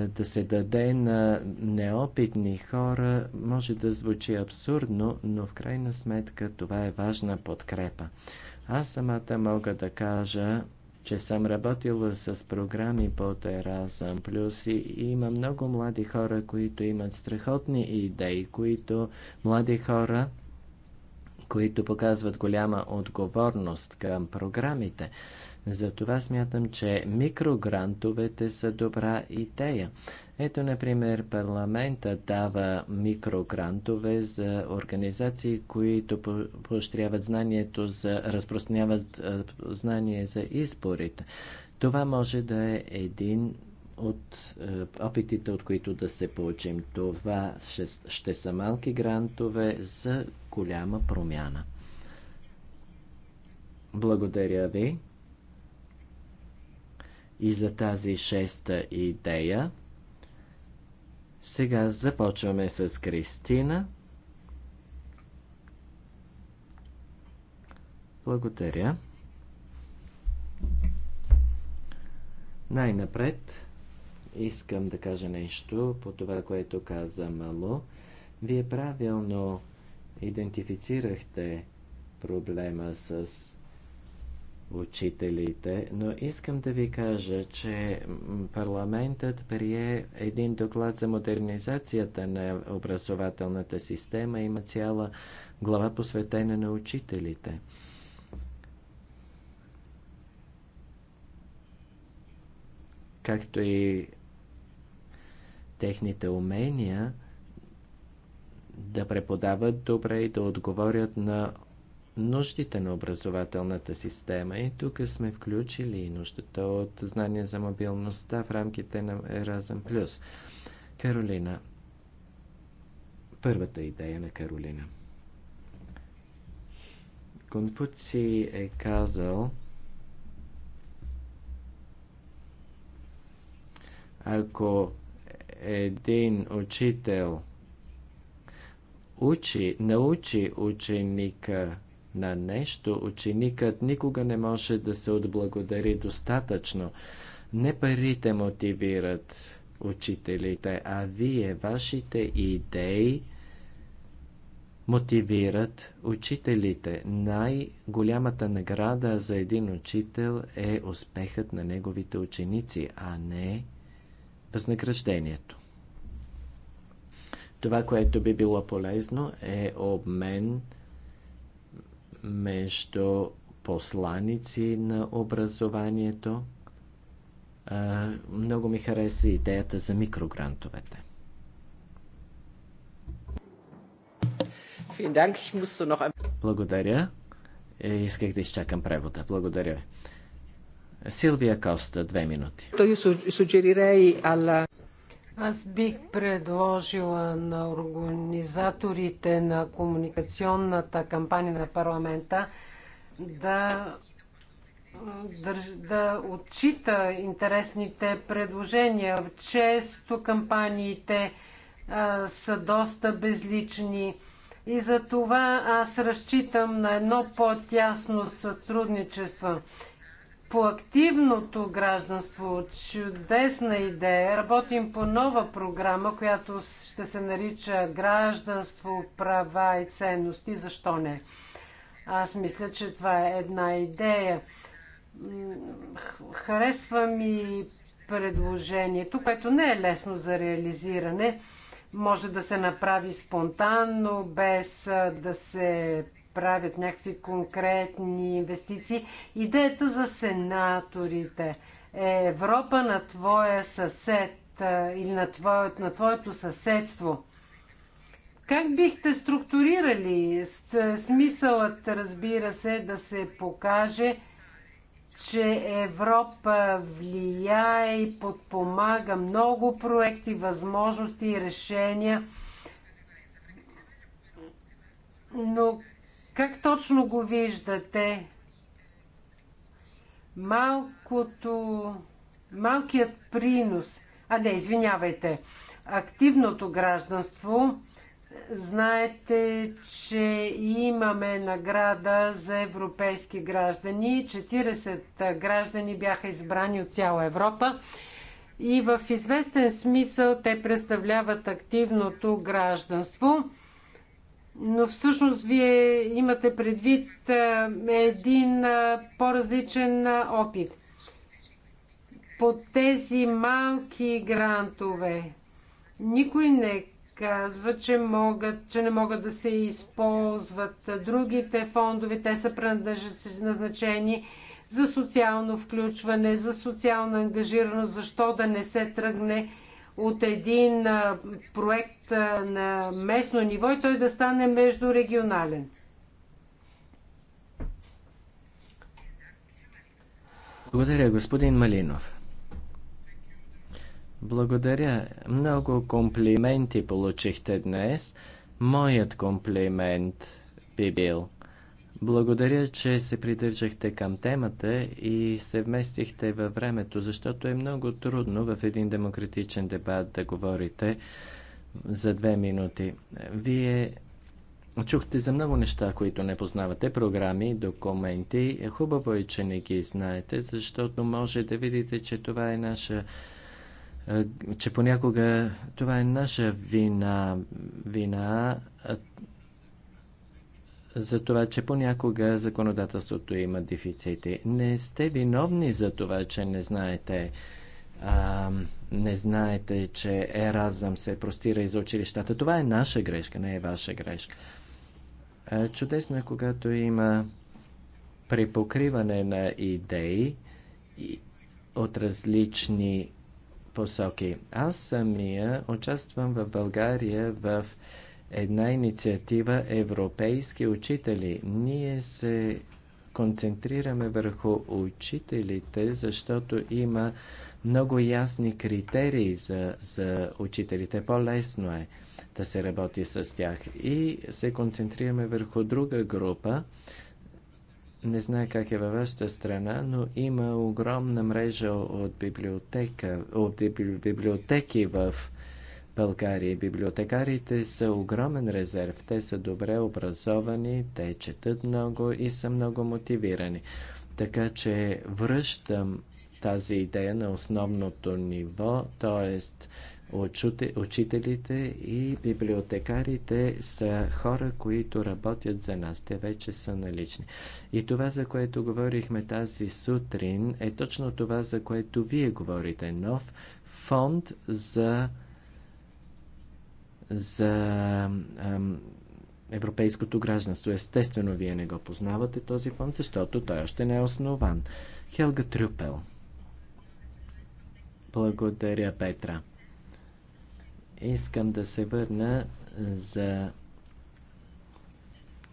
да се даде на неопитни хора може да звучи абсурдно, но в крайна сметка това е важна подкрепа. Аз самата мога да кажа, че съм работила с програми по Теразъм Плюс и има много млади хора, които имат страхотни идеи, които млади хора, които показват голяма отговорност към програмите. Затова смятам, че микрогрантовете са добра идея. Ето, например, парламента дава микрогрантове за организации, които поощряват знанието за, разпространяват знание за изборите. Това може да е един от е, опитите, от които да се получим. Това ще, ще са малки грантове за голяма промяна. Благодаря ви и за тази шеста идея. Сега започваме с Кристина. Благодаря. Най-напред искам да кажа нещо по това, което каза Мало. Вие правилно идентифицирахте проблема с учителите, но искам да ви кажа, че парламентът прие един доклад за модернизацията на образователната система. Има цяла глава посветена на учителите. Както и техните умения да преподават добре и да отговорят на нуждите на образователната система и тук сме включили и нуждата от знания за мобилността в рамките на Еразъм Плюс. Каролина, първата идея на Каролина. Конфуци е казал, ако един учител учи, научи ученика на нещо, ученикът никога не може да се отблагодари достатъчно. Не парите мотивират учителите, а вие, вашите идеи, мотивират учителите. Най-голямата награда за един учител е успехът на неговите ученици, а не възнаграждението. Това, което би било полезно е обмен между посланици на образованието. Много ми хареса идеята за микрогрантовете. Благодаря. Исках да изчакам превода. Благодаря Силвия Коста, две минути. Аз бих предложила на организаторите на комуникационната кампания на парламента да, да отчита интересните предложения. Често кампаниите а, са доста безлични. И за това аз разчитам на едно по-тясно сътрудничество по активното гражданство. Чудесна идея. Работим по нова програма, която ще се нарича Гражданство, права и ценности. Защо не? Аз мисля, че това е една идея. Харесва ми предложението, което не е лесно за реализиране. Може да се направи спонтанно, без да се правят някакви конкретни инвестиции. Идеята за сенаторите е Европа на твоя съсед или на, твое, на твоето съседство. Как бихте структурирали? Смисълът, разбира се, да се покаже, че Европа влияе и подпомага много проекти, възможности и решения. Но как точно го виждате? Малкото... Малкият принос... А не, извинявайте. Активното гражданство... Знаете, че имаме награда за европейски граждани. 40 граждани бяха избрани от цяла Европа. И в известен смисъл те представляват активното гражданство но всъщност вие имате предвид един по-различен опит. По тези малки грантове никой не казва, че, могат, че не могат да се използват другите фондове. Те са назначени за социално включване, за социална ангажираност. Защо да не се тръгне от един проект на местно ниво и той да стане междурегионален. Благодаря, господин Малинов. Благодаря. Много комплименти получихте днес. Моят комплимент би бил – благодаря, че се придържахте към темата и се вместихте във времето, защото е много трудно в един демократичен дебат да говорите за две минути. Вие чухте за много неща, които не познавате, програми, документи. Хубаво е, че не ги знаете, защото може да видите, че това е наша че понякога това е наша вина, вина за това, че понякога законодателството има дефицити. Не сте виновни за това, че не знаете а, не знаете, че Еразъм се простира из училищата. Това е наша грешка, не е ваша грешка. А, чудесно е, когато има припокриване на идеи от различни посоки. Аз самия участвам в България в една инициатива Европейски учители. Ние се концентрираме върху учителите, защото има много ясни критерии за, за учителите. По-лесно е да се работи с тях. И се концентрираме върху друга група. Не знае как е във вашата страна, но има огромна мрежа от, библиотека, от библиотеки в България. Библиотекарите са огромен резерв. Те са добре образовани, те четат много и са много мотивирани. Така че връщам тази идея на основното ниво, т.е. учителите и библиотекарите са хора, които работят за нас. Те вече са налични. И това, за което говорихме тази сутрин, е точно това, за което вие говорите. Нов фонд за за европейското гражданство. Естествено, вие не го познавате този фонд, защото той още не е основан. Хелга Трюпел. Благодаря, Петра. Искам да се върна за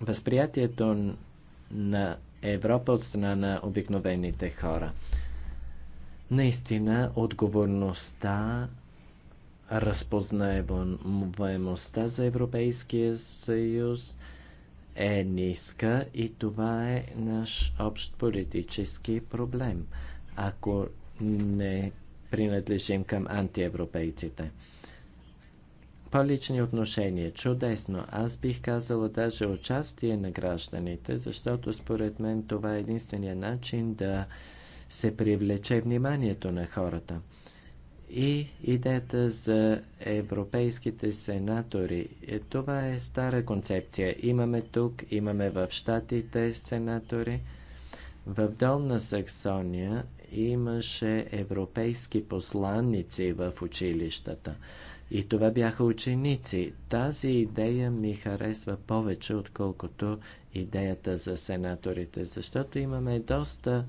възприятието на Европа от страна на обикновените хора. Наистина, отговорността разпознаваемостта за Европейския съюз е ниска и това е наш общ политически проблем, ако не принадлежим към антиевропейците. По-лични отношения. Чудесно. Аз бих казала даже участие на гражданите, защото според мен това е единствения начин да се привлече вниманието на хората – и идеята за европейските сенатори. Е, това е стара концепция. Имаме тук, имаме в Штатите сенатори. В Долна Саксония имаше европейски посланници в училищата. И това бяха ученици. Тази идея ми харесва повече, отколкото идеята за сенаторите, защото имаме доста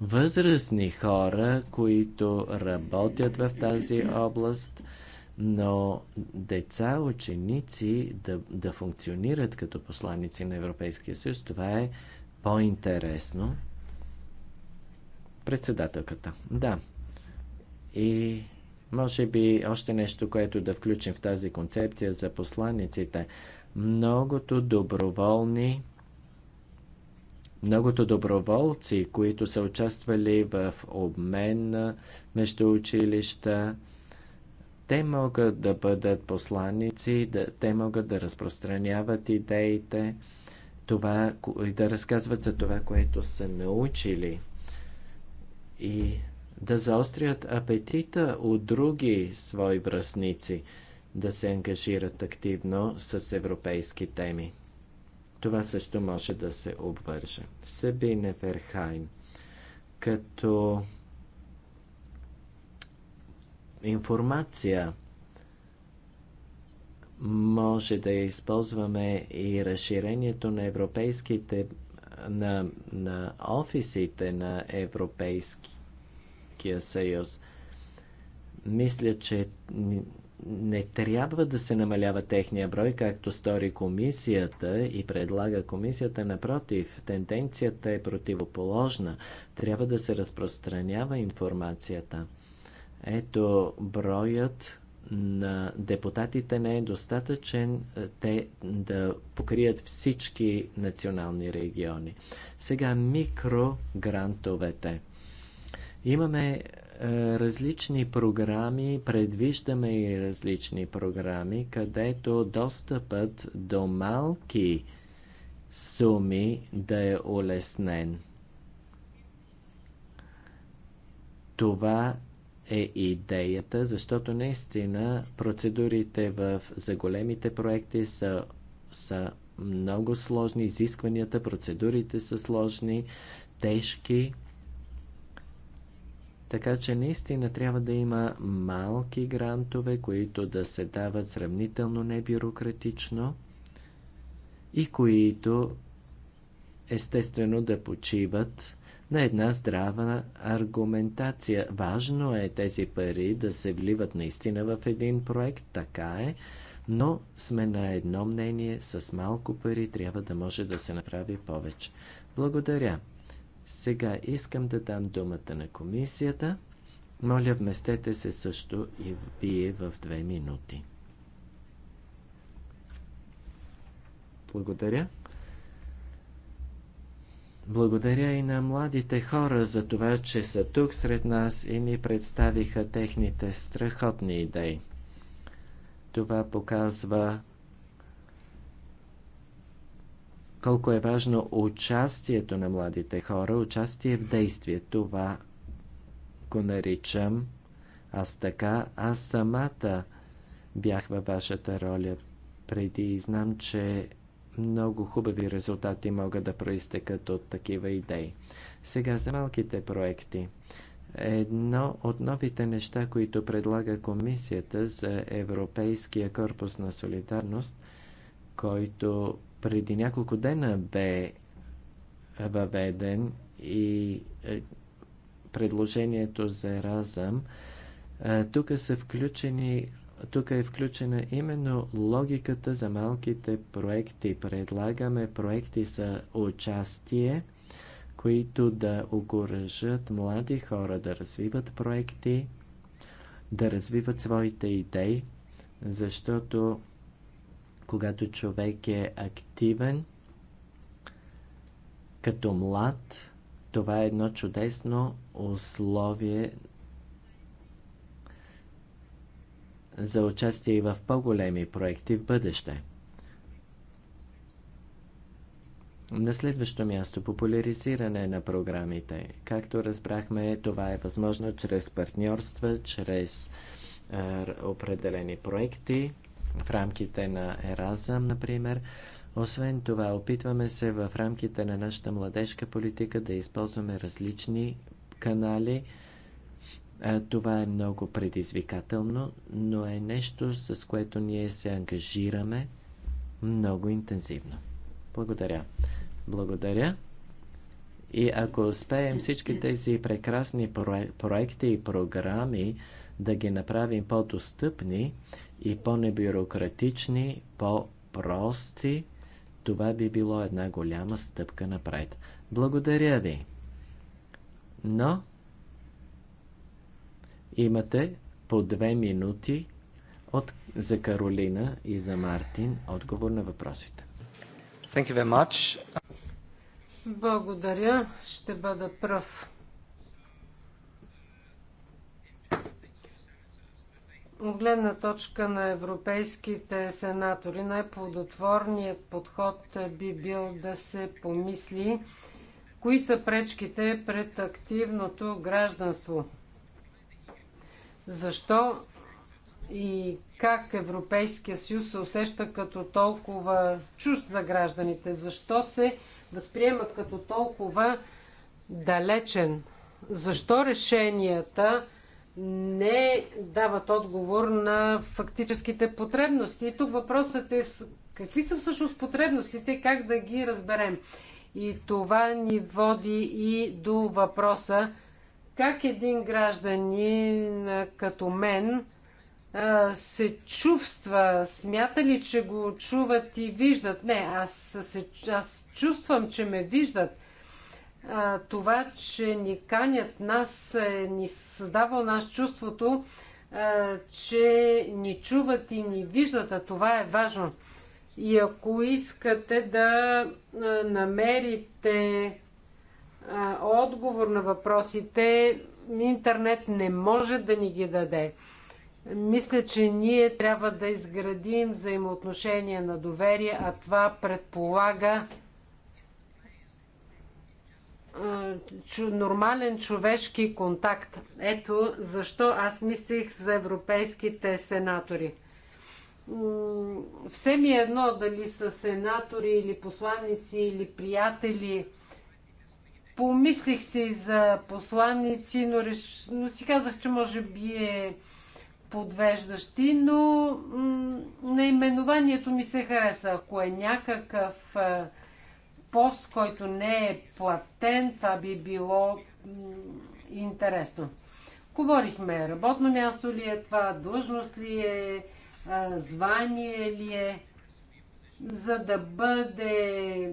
възрастни хора, които работят в тази област, но деца, ученици да, да функционират като посланици на Европейския съюз, това е по-интересно. Председателката. Да. И може би още нещо, което да включим в тази концепция за посланиците. Многото доброволни Многото доброволци, които са участвали в обмен между училища, те могат да бъдат посланици, да, те могат да разпространяват идеите, това, и да разказват за това, което са научили и да заострят апетита от други свои връзници, да се ангажират активно с европейски теми. Това също може да се обвърже. Сабине Верхайм, като информация може да използваме и разширението на европейските на, на офисите на Европейския съюз. Мисля, че не трябва да се намалява техния брой, както стори комисията и предлага комисията. Напротив, тенденцията е противоположна. Трябва да се разпространява информацията. Ето, броят на депутатите не е достатъчен е, те да покрият всички национални региони. Сега микрогрантовете. Имаме е, различни програми, предвиждаме и различни програми, където достъпът до малки суми да е улеснен. Това е идеята, защото наистина процедурите в, за големите проекти са, са много сложни, изискванията, процедурите са сложни, тежки така че наистина трябва да има малки грантове, които да се дават сравнително небюрократично и които естествено да почиват на една здрава аргументация. Важно е тези пари да се вливат наистина в един проект, така е, но сме на едно мнение, с малко пари трябва да може да се направи повече. Благодаря. Сега искам да дам думата на комисията. Моля, вместете се също и вие в две минути. Благодаря. Благодаря и на младите хора за това, че са тук сред нас и ни представиха техните страхотни идеи. Това показва колко е важно участието на младите хора, участие в действие. Това го наричам аз така. Аз самата бях във вашата роля преди и знам, че много хубави резултати могат да проистекат от такива идеи. Сега за малките проекти. Едно от новите неща, които предлага Комисията за Европейския корпус на солидарност, който преди няколко дена бе е, въведен и е, предложението за разъм, е, Тук са включени тук е включена именно логиката за малките проекти. Предлагаме проекти за участие, които да огоръжат млади хора да развиват проекти, да развиват своите идеи, защото когато човек е активен, като млад, това е едно чудесно условие за участие и в по-големи проекти в бъдеще. На следващо място популяризиране на програмите. Както разбрахме, това е възможно чрез партньорства, чрез е, определени проекти в рамките на Еразъм, например. Освен това, опитваме се в рамките на нашата младежка политика да използваме различни канали. Това е много предизвикателно, но е нещо, с което ние се ангажираме много интензивно. Благодаря. Благодаря. И ако успеем всички тези прекрасни проекти и програми да ги направим по-достъпни и по-небюрократични, по-прости, това би било една голяма стъпка напред. Благодаря ви! Но имате по две минути от, за Каролина и за Мартин отговор на въпросите. Thank you very much. Благодаря. Ще бъда пръв. От гледна точка на европейските сенатори, най-плодотворният подход би бил да се помисли кои са пречките пред активното гражданство. Защо и как Европейския съюз се усеща като толкова чужд за гражданите? Защо се възприема като толкова далечен? Защо решенията не дават отговор на фактическите потребности. И тук въпросът е какви са всъщност потребностите и как да ги разберем. И това ни води и до въпроса как един гражданин като мен се чувства, смята ли, че го чуват и виждат. Не, аз, се, аз чувствам, че ме виждат – това, че ни канят нас, е, ни създава у нас чувството, че ни чуват и ни виждат, а това е важно. И ако искате да намерите отговор на въпросите, интернет не може да ни ги даде. Мисля, че ние трябва да изградим взаимоотношения на доверие, а това предполага е, нормален човешки контакт. Ето защо аз мислих за европейските сенатори. Все ми е едно дали са сенатори или посланници или приятели. Помислих си за посланници, но, реш... но си казах, че може би е подвеждащи, но наименованието ми се хареса. Ако е някакъв а, е, пост, който не е платен, това би било интересно. Говорихме, работно място ли е това, длъжност ли е, звание ли е, за да бъде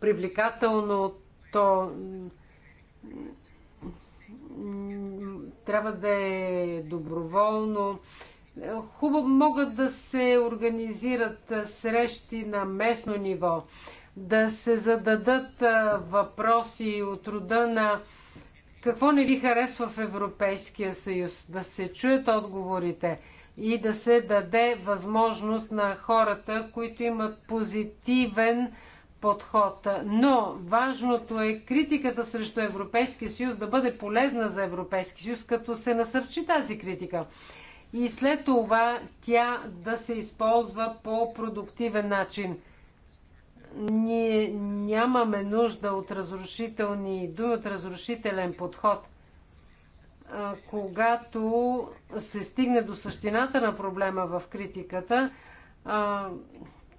привлекателно то трябва да е доброволно Хубаво могат да се организират срещи на местно ниво, да се зададат въпроси от рода на какво не ви харесва в Европейския съюз, да се чуят отговорите и да се даде възможност на хората, които имат позитивен подход. Но важното е критиката срещу Европейския съюз да бъде полезна за Европейския съюз, като се насърчи тази критика и след това тя да се използва по продуктивен начин. Ние нямаме нужда от разрушителни думи, от разрушителен подход. Когато се стигне до същината на проблема в критиката,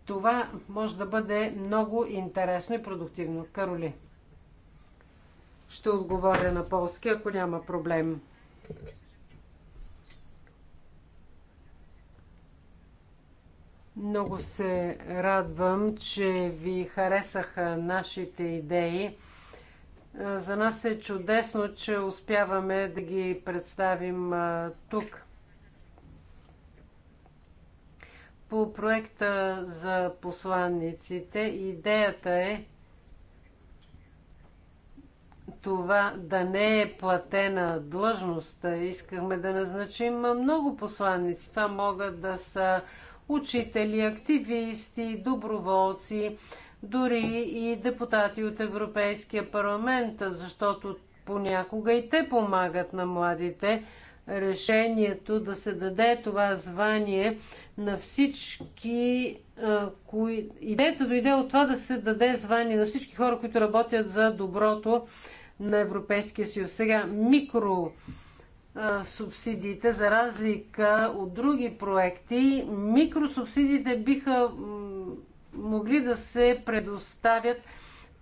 това може да бъде много интересно и продуктивно. Кароли. Ще отговоря на полски, ако няма проблем. Много се радвам, че ви харесаха нашите идеи. За нас е чудесно, че успяваме да ги представим тук. По проекта за посланниците идеята е това да не е платена длъжност. Искахме да назначим много посланници. Това могат да са учители, активисти, доброволци, дори и депутати от Европейския парламент, защото понякога и те помагат на младите. Решението да се даде това звание на всички, кои... идеята дойде от това да се даде звание на всички хора, които работят за доброто на Европейския съюз. Сега микро субсидиите, за разлика от други проекти, микросубсидиите биха могли да се предоставят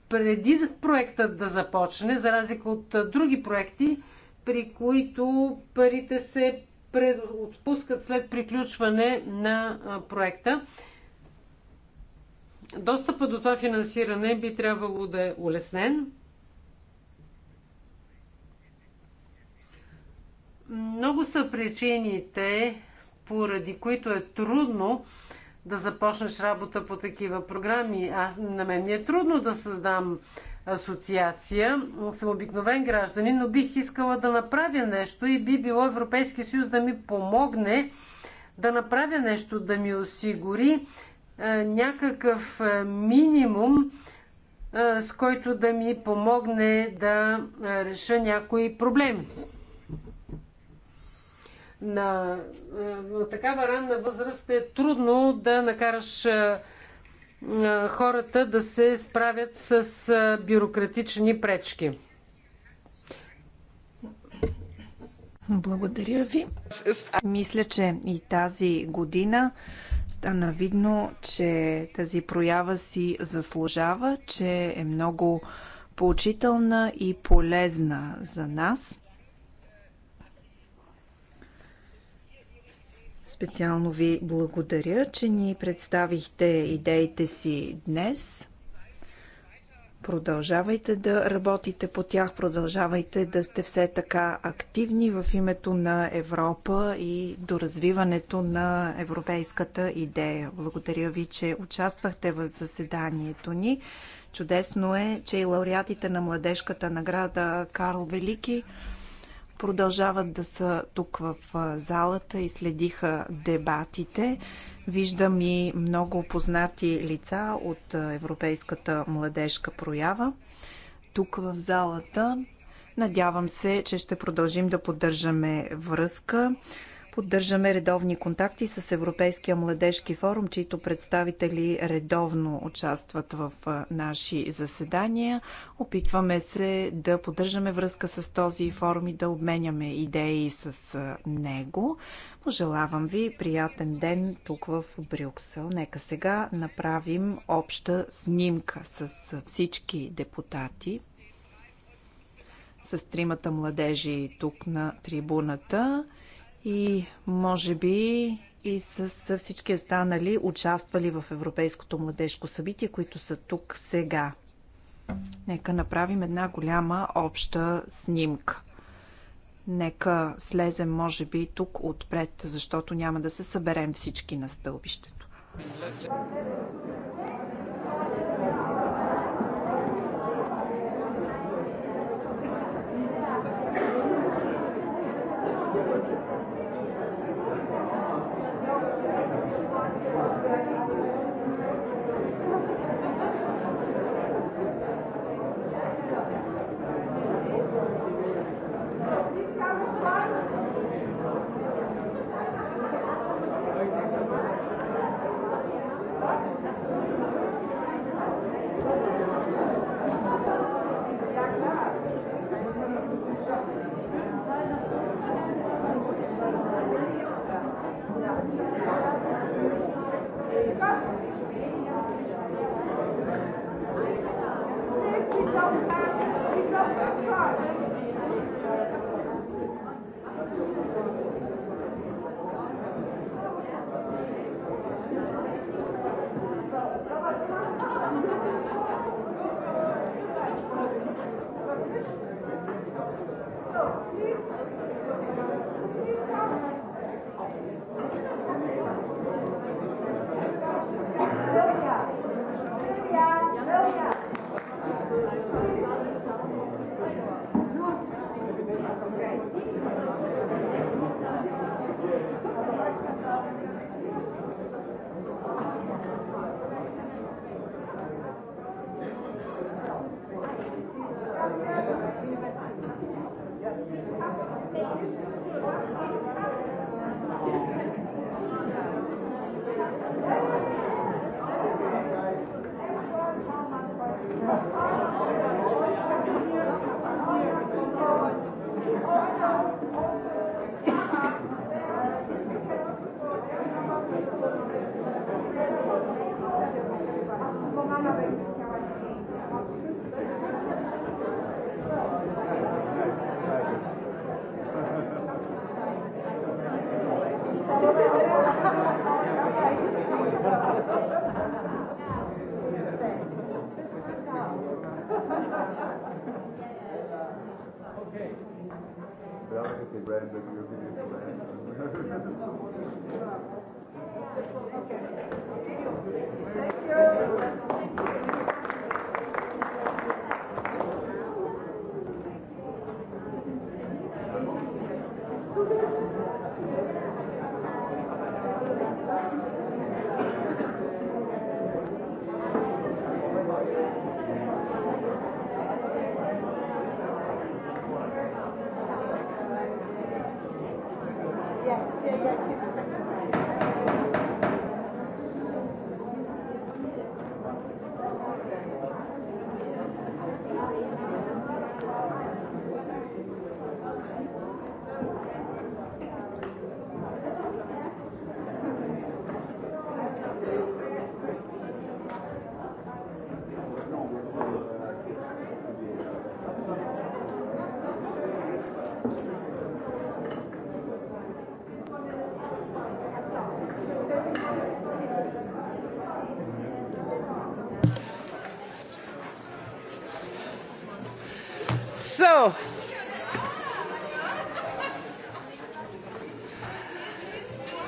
преди проектът да започне, за разлика от други проекти, при които парите се отпускат след приключване на проекта. Достъпът до това финансиране би трябвало да е улеснен. Много са причините, поради които е трудно да започнеш работа по такива програми. Аз, на мен ми е трудно да създам асоциация. Съм обикновен гражданин, но бих искала да направя нещо и би било Европейски съюз да ми помогне да направя нещо, да ми осигури е, някакъв е, минимум, е, с който да ми помогне да е, реша някои проблеми на, на е, такава ранна възраст е трудно да накараш е, е, хората да се справят с бюрократични пречки. Благодаря ви. Мисля, че и тази година стана видно, че тази проява си заслужава, че е много поучителна и полезна за нас. Специално ви благодаря, че ни представихте идеите си днес. Продължавайте да работите по тях, продължавайте да сте все така активни в името на Европа и до развиването на европейската идея. Благодаря ви, че участвахте в заседанието ни. Чудесно е, че и лауреатите на младежката награда Карл Велики продължават да са тук в залата и следиха дебатите. Виждам и много познати лица от Европейската младежка проява тук в залата. Надявам се, че ще продължим да поддържаме връзка. Поддържаме редовни контакти с Европейския младежки форум, чието представители редовно участват в наши заседания. Опитваме се да поддържаме връзка с този форум и да обменяме идеи с него. Пожелавам ви приятен ден тук в Брюксел. Нека сега направим обща снимка с всички депутати с тримата младежи тук на трибуната и може би и с, с всички останали, участвали в Европейското младежко събитие, които са тук сега. Нека направим една голяма обща снимка. Нека слезем, може би, тук отпред, защото няма да се съберем всички на стълбището. Brandon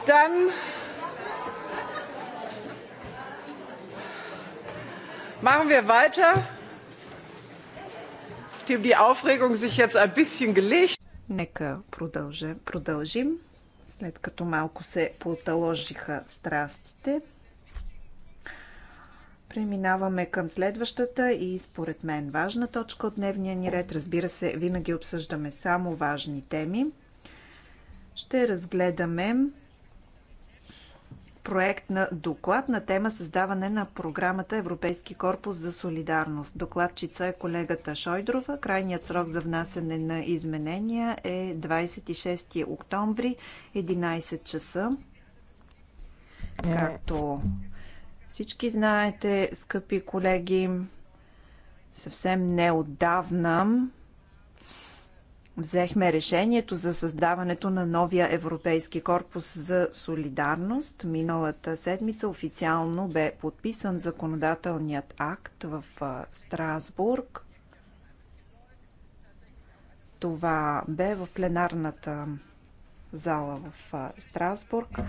Dann machen wir weiter. Dem die Aufregung sich jetzt ein bisschen gelegt. Нека продължим, след като малко се поталожиха страстите. Преминаваме към следващата и според мен важна точка от дневния ни ред. Разбира се, винаги обсъждаме само важни теми. Ще разгледаме проект на доклад на тема създаване на програмата Европейски корпус за солидарност. Докладчица е колегата Шойдрова. Крайният срок за внасяне на изменения е 26 октомври, 11 часа. Е, Както всички знаете, скъпи колеги, съвсем неотдавна взехме решението за създаването на новия Европейски корпус за солидарност. Миналата седмица официално бе подписан законодателният акт в Страсбург. Това бе в пленарната зала в Страсбург.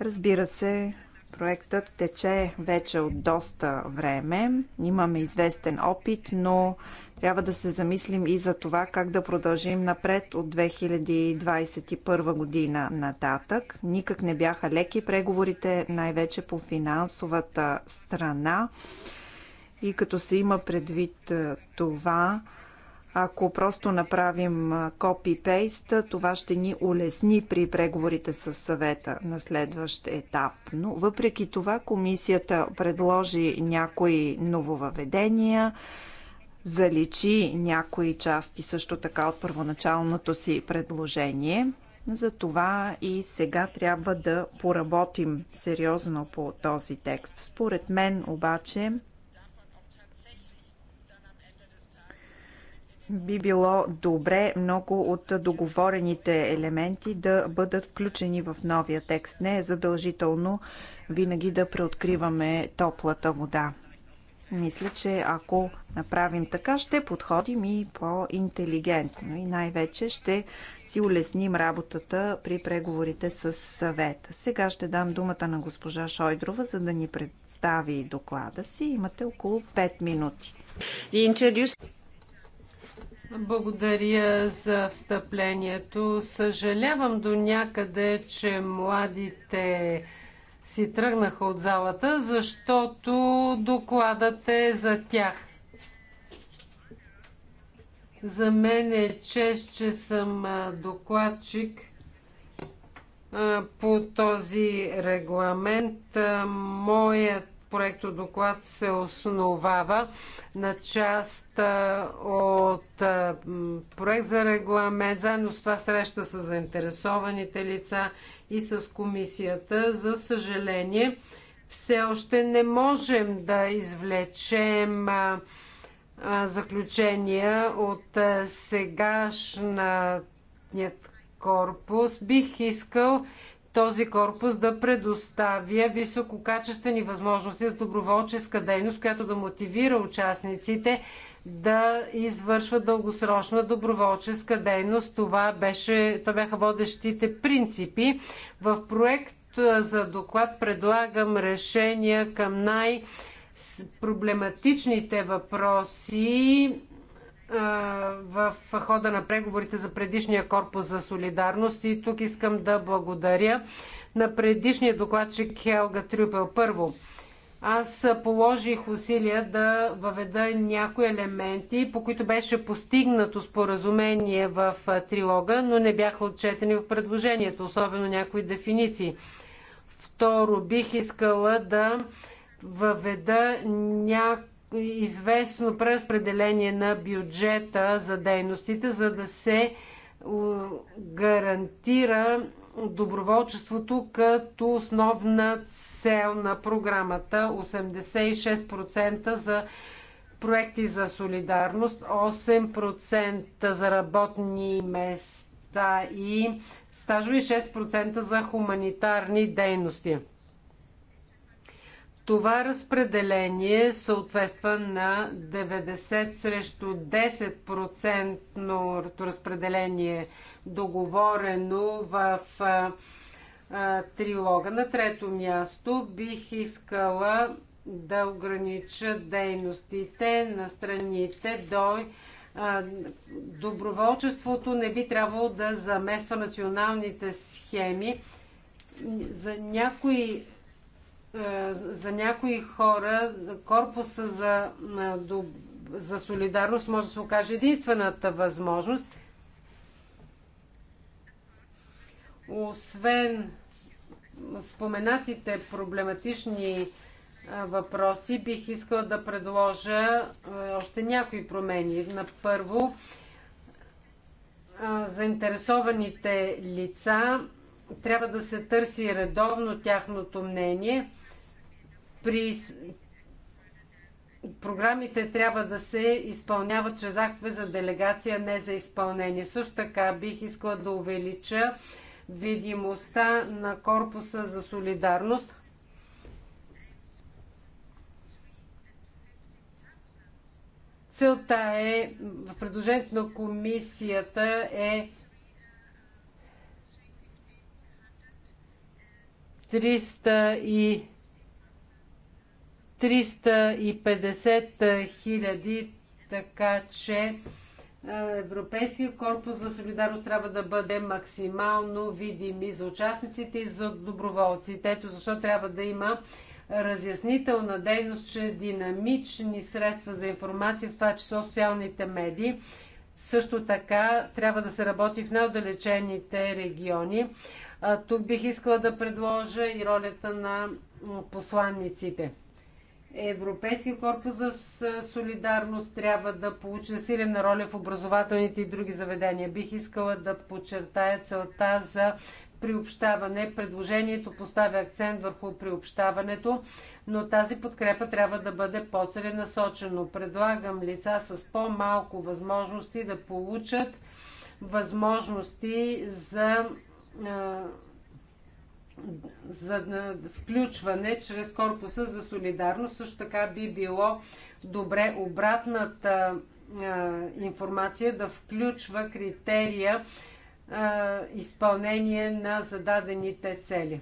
Разбира се, Проектът тече вече от доста време. Имаме известен опит, но трябва да се замислим и за това как да продължим напред от 2021 година нататък. Никак не бяха леки преговорите, най-вече по финансовата страна. И като се има предвид това, ако просто направим копи-пейст, това ще ни улесни при преговорите с съвета на следващ етап. Но въпреки това комисията предложи някои нововъведения, заличи някои части също така от първоначалното си предложение. Затова и сега трябва да поработим сериозно по този текст. Според мен обаче би било добре много от договорените елементи да бъдат включени в новия текст. Не е задължително винаги да преоткриваме топлата вода. Мисля, че ако направим така, ще подходим и по-интелигентно и най-вече ще си улесним работата при преговорите с съвета. Сега ще дам думата на госпожа Шойдрова, за да ни представи доклада си. Имате около 5 минути. Благодаря за встъплението. Съжалявам до някъде, че младите си тръгнаха от залата, защото докладът е за тях. За мен е чест, че съм докладчик по този регламент. Моят проекто доклад се основава на част от проект за регламент. Заедно с това среща с заинтересованите лица и с комисията. За съжаление, все още не можем да извлечем заключения от сегашният корпус. Бих искал този корпус да предоставя висококачествени възможности за доброволческа дейност, която да мотивира участниците да извършват дългосрочна доброволческа дейност. Това, беше, това бяха водещите принципи. В проект за доклад предлагам решения към най- проблематичните въпроси в хода на преговорите за предишния корпус за солидарност и тук искам да благодаря на предишния докладчик Хелга Трюпел. Първо, аз положих усилия да въведа някои елементи, по които беше постигнато споразумение в трилога, но не бяха отчетени в предложението, особено някои дефиниции. Второ, бих искала да въведа някои известно преразпределение на бюджета за дейностите, за да се гарантира доброволчеството като основна цел на програмата. 86% за проекти за солидарност, 8% за работни места и стажови, 6% за хуманитарни дейности. Това разпределение съответства на 90 срещу 10% разпределение, договорено в трилога. На трето място бих искала да огранича дейностите на страните до доброволчеството не би трябвало да замества националните схеми. За някои е, за някои хора корпуса за, за солидарност може да се окаже единствената възможност. Освен споменатите проблематични е, въпроси, бих искала да предложа е, още някои промени. На първо, заинтересованите лица трябва да се търси редовно тяхното мнение. При програмите трябва да се изпълняват чрез актове за делегация, не за изпълнение. Също така бих искала да увелича видимостта на Корпуса за солидарност. Целта е, в предложението на комисията е 300 и 350 хиляди, така че е, Европейския корпус за солидарност трябва да бъде максимално видими за участниците и за доброволците. Ето защо трябва да има разяснителна дейност чрез динамични средства за информация, в това число социалните медии. Също така трябва да се работи в най-отдалечените региони. Тук бих искала да предложа и ролята на посланниците. Европейския корпус за солидарност трябва да получи силена роля в образователните и други заведения. Бих искала да подчертая целта за приобщаване. Предложението поставя акцент върху приобщаването, но тази подкрепа трябва да бъде по-целенасочено. Предлагам лица с по-малко възможности да получат възможности за за включване чрез корпуса за солидарност. Също така би било добре обратната информация да включва критерия изпълнение на зададените цели.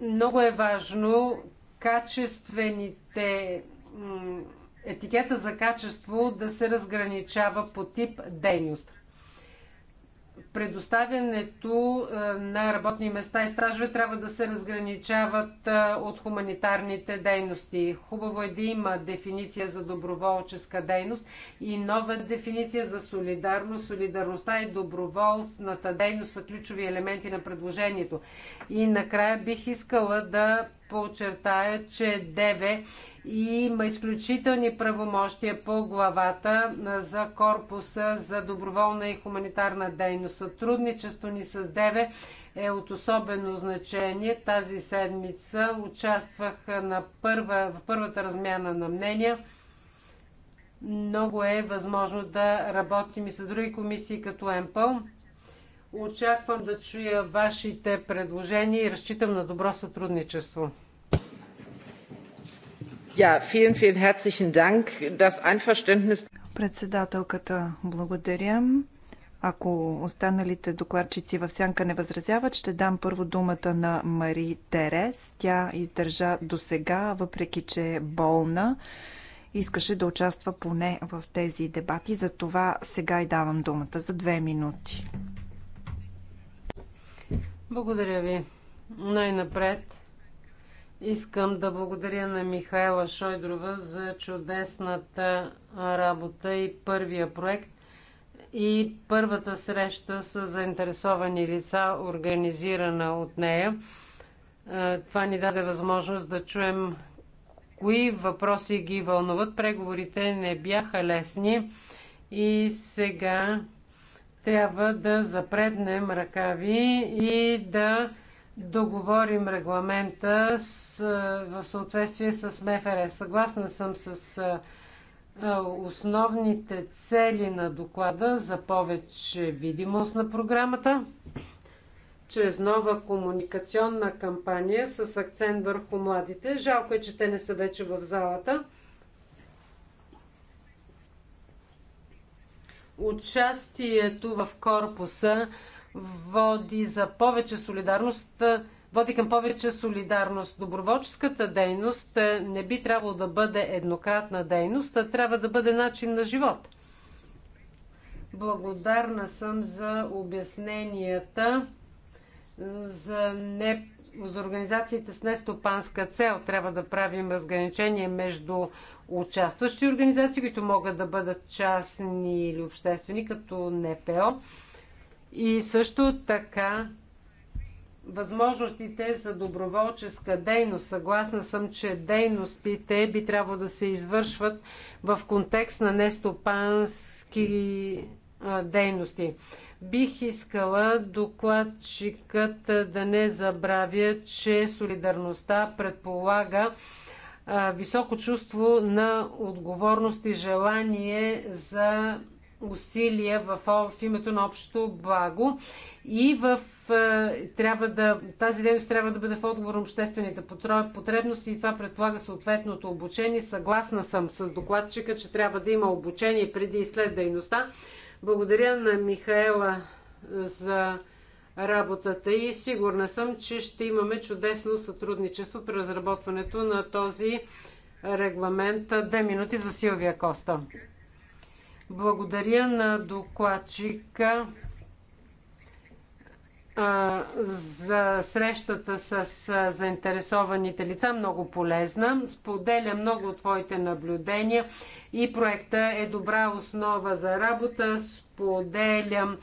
Много е важно качествените етикета за качество да се разграничава по тип дейност предоставянето на работни места и стражове трябва да се разграничават от хуманитарните дейности. Хубаво е да има дефиниция за доброволческа дейност и нова дефиниция за солидарност. Солидарността и доброволната дейност са ключови елементи на предложението. И накрая бих искала да подчертая, че ДВ има изключителни правомощия по главата за корпуса за доброволна и хуманитарна дейност. Сътрудничество ни с ДВ е от особено значение. Тази седмица участвах на първа, в първата размяна на мнения. Много е възможно да работим и с други комисии като МПЛ Очаквам да чуя вашите предложения и разчитам на добро сътрудничество. Ja, vielen, vielen herzlichen Dank. Das Einverständnis... Председателката, благодаря. Ако останалите докладчици в сянка не възразяват, ще дам първо думата на Мари Терес. Тя издържа до сега, въпреки че е болна. Искаше да участва поне в тези дебати, затова сега и давам думата за две минути. Благодаря ви. Най-напред искам да благодаря на Михайла Шойдрова за чудесната работа и първия проект и първата среща с заинтересовани лица, организирана от нея. Това ни даде възможност да чуем кои въпроси ги вълнуват. Преговорите не бяха лесни и сега трябва да запреднем ръкави и да договорим регламента с, в съответствие с МФР. Съгласна съм с основните цели на доклада за повече видимост на програмата чрез нова комуникационна кампания с акцент върху младите. Жалко е, че те не са вече в залата. Участието в корпуса води за повече солидарност, води към повече солидарност. Доброволческата дейност не би трябвало да бъде еднократна дейност, а трябва да бъде начин на живот. Благодарна съм за обясненията за не за организациите с нестопанска цел трябва да правим разграничение между участващи организации, които могат да бъдат частни или обществени, като НПО. И също така възможностите за доброволческа дейност. Съгласна съм, че дейностите би трябвало да се извършват в контекст на нестопански дейности. Бих искала докладчикът да не забравя, че солидарността предполага високо чувство на отговорност и желание за усилия в, в името на общото благо и в, трябва да, тази дейност трябва да бъде в отговор на обществените потребности и това предполага съответното обучение. Съгласна съм с докладчика, че трябва да има обучение преди и след дейността, благодаря на Михаела за работата и сигурна съм, че ще имаме чудесно сътрудничество при разработването на този регламент. Две минути за Силвия Коста. Благодаря на докладчика за срещата с заинтересованите лица много полезна. Споделя много от твоите наблюдения и проекта е добра основа за работа. Споделям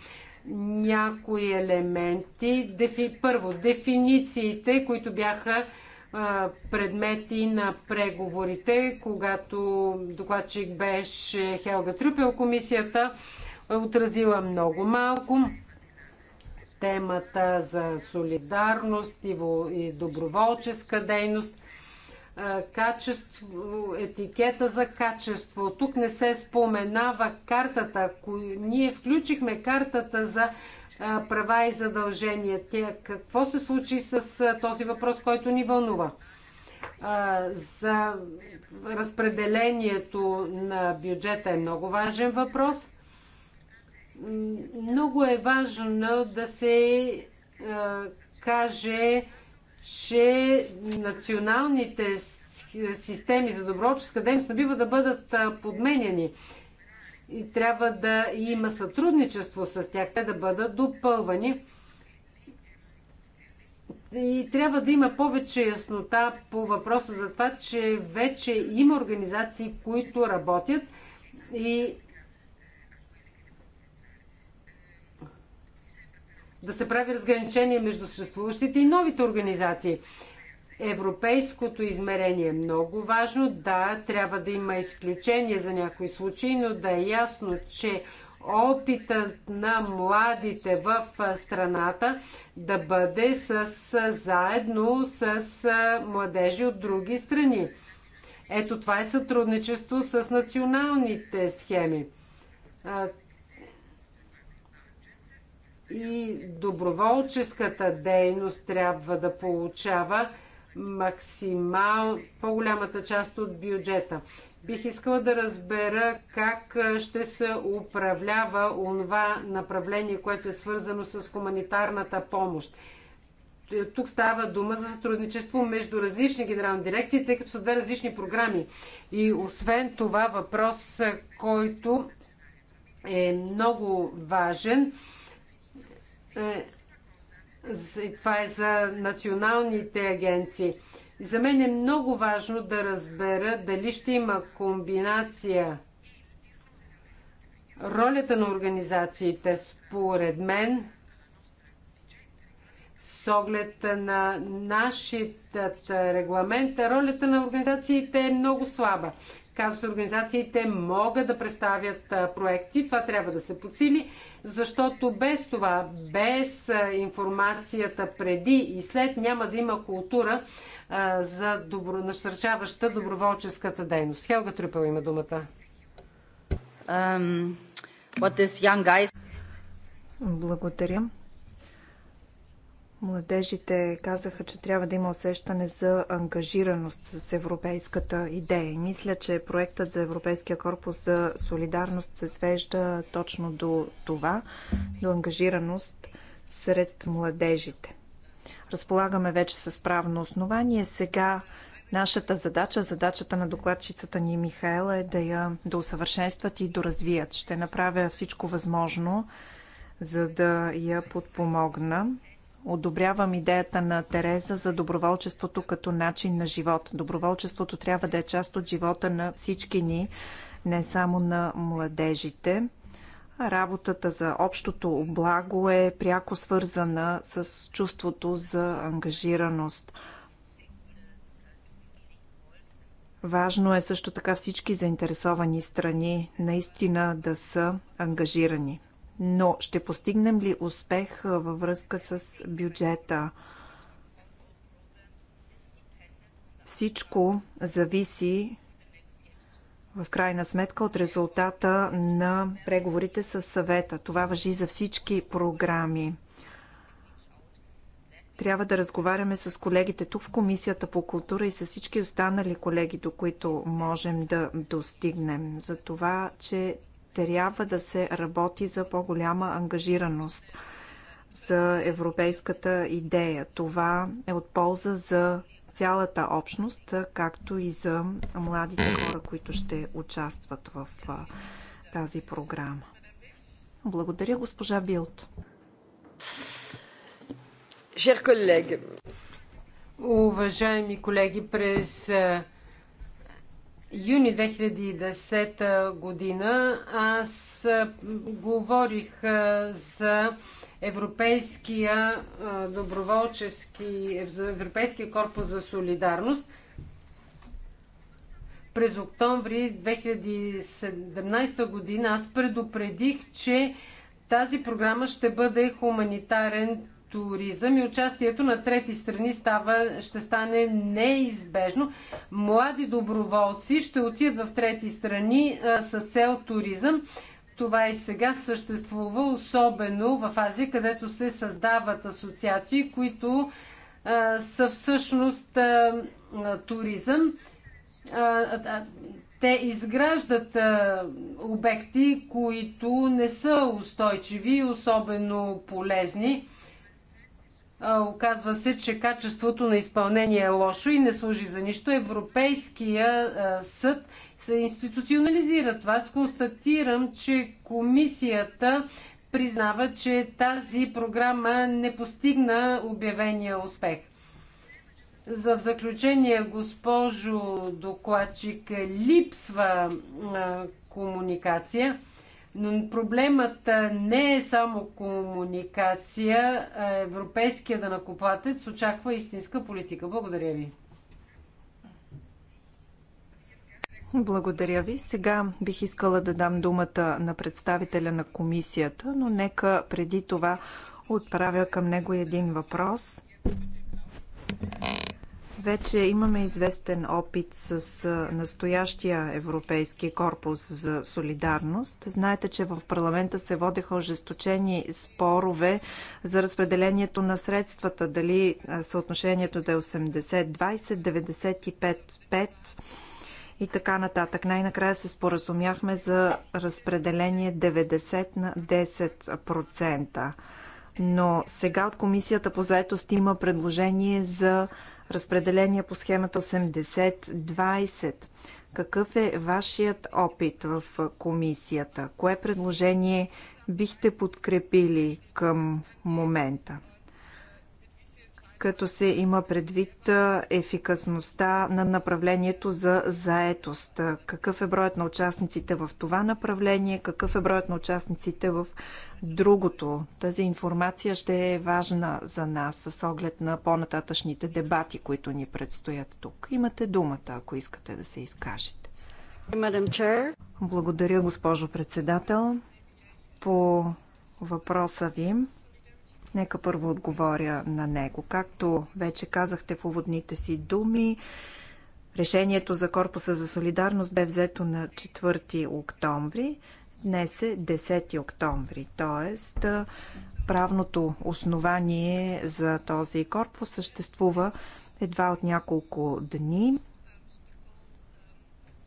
някои елементи. Дефи, първо, дефинициите, които бяха а, предмети на преговорите, когато докладчик беше Хелга Трюпел, комисията отразила много малко темата за солидарност и доброволческа дейност, качество, етикета за качество. Тук не се споменава картата. Ние включихме картата за права и задължения. Те, какво се случи с този въпрос, който ни вълнува? За разпределението на бюджета е много важен въпрос. Много е важно да се каже, че националните системи за доброческа дейност не бива да бъдат подменяни. И трябва да има сътрудничество с тях, те да бъдат допълвани. И трябва да има повече яснота по въпроса за това, че вече има организации, които работят и да се прави разграничение между съществуващите и новите организации. Европейското измерение е много важно. Да, трябва да има изключение за някои случаи, но да е ясно, че опитът на младите в страната да бъде с, заедно с младежи от други страни. Ето това е сътрудничество с националните схеми и доброволческата дейност трябва да получава максимал, по-голямата част от бюджета. Бих искала да разбера как ще се управлява онова направление, което е свързано с хуманитарната помощ. Тук става дума за сътрудничество между различни генерални дирекции, тъй като са две различни програми. И освен това въпрос, който е много важен, е, това е за националните агенции. За мен е много важно да разбера дали ще има комбинация ролята на организациите, според мен, с оглед на нашата регламента, ролята на организациите е много слаба. Казва се, организациите могат да представят проекти, това трябва да се подсили защото без това, без информацията преди и след няма да има култура за добро, насърчаваща доброволческата дейност. Хелга Трюпел има думата. Um, guys... Благодаря. Младежите казаха, че трябва да има усещане за ангажираност с европейската идея. И мисля, че проектът за Европейския корпус за солидарност се свежда точно до това, до ангажираност сред младежите. Разполагаме вече с правно основание. Сега Нашата задача, задачата на докладчицата ни Михаела е да я да усъвършенстват и доразвият. Ще направя всичко възможно, за да я подпомогна. Одобрявам идеята на Тереза за доброволчеството като начин на живот. Доброволчеството трябва да е част от живота на всички ни, не само на младежите. Работата за общото благо е пряко свързана с чувството за ангажираност. Важно е също така всички заинтересовани страни наистина да са ангажирани. Но ще постигнем ли успех във връзка с бюджета? Всичко зависи в крайна сметка от резултата на преговорите с съвета. Това въжи за всички програми. Трябва да разговаряме с колегите тук в Комисията по култура и с всички останали колеги, до които можем да достигнем. За това, че трябва да се работи за по-голяма ангажираност за европейската идея. Това е от полза за цялата общност, както и за младите хора, които ще участват в тази програма. Благодаря, госпожа Билт. Уважаеми колеги, през юни 2010 година аз говорих за Европейския доброволчески, Европейския корпус за солидарност. През октомври 2017 година аз предупредих, че тази програма ще бъде хуманитарен туризъм и участието на трети страни става, ще стане неизбежно. Млади доброволци ще отидат в трети страни с цел туризъм. Това и сега съществува, особено в Азия, където се създават асоциации, които са всъщност туризъм. те изграждат обекти, които не са устойчиви особено полезни Оказва се, че качеството на изпълнение е лошо и не служи за нищо. Европейския съд се институционализира това. Аз констатирам, че комисията признава, че тази програма не постигна обявения успех. За в заключение, госпожо докладчик, липсва комуникация. Но проблемът не е само комуникация. Европейският данакоплатец очаква истинска политика. Благодаря ви. Благодаря ви. Сега бих искала да дам думата на представителя на комисията, но нека преди това отправя към него един въпрос. Вече имаме известен опит с настоящия Европейски корпус за солидарност. Знаете, че в парламента се водеха ожесточени спорове за разпределението на средствата, дали съотношението да е 80-20, 95-5 и така нататък. Най-накрая се споразумяхме за разпределение 90 на 10%. Но сега от Комисията по заетост има предложение за разпределение по схемата 80-20. Какъв е вашият опит в комисията? Кое предложение бихте подкрепили към момента? като се има предвид ефикасността на направлението за заетост. Какъв е броят на участниците в това направление? Какъв е броят на участниците в Другото, тази информация ще е важна за нас с оглед на по-нататъчните дебати, които ни предстоят тук. Имате думата, ако искате да се изкажете. Благодаря, госпожо председател. По въпроса ви, нека първо отговоря на него. Както вече казахте в уводните си думи, решението за Корпуса за солидарност бе взето на 4 октомври. Днес е 10 октомври, т.е. правното основание за този корпус съществува едва от няколко дни.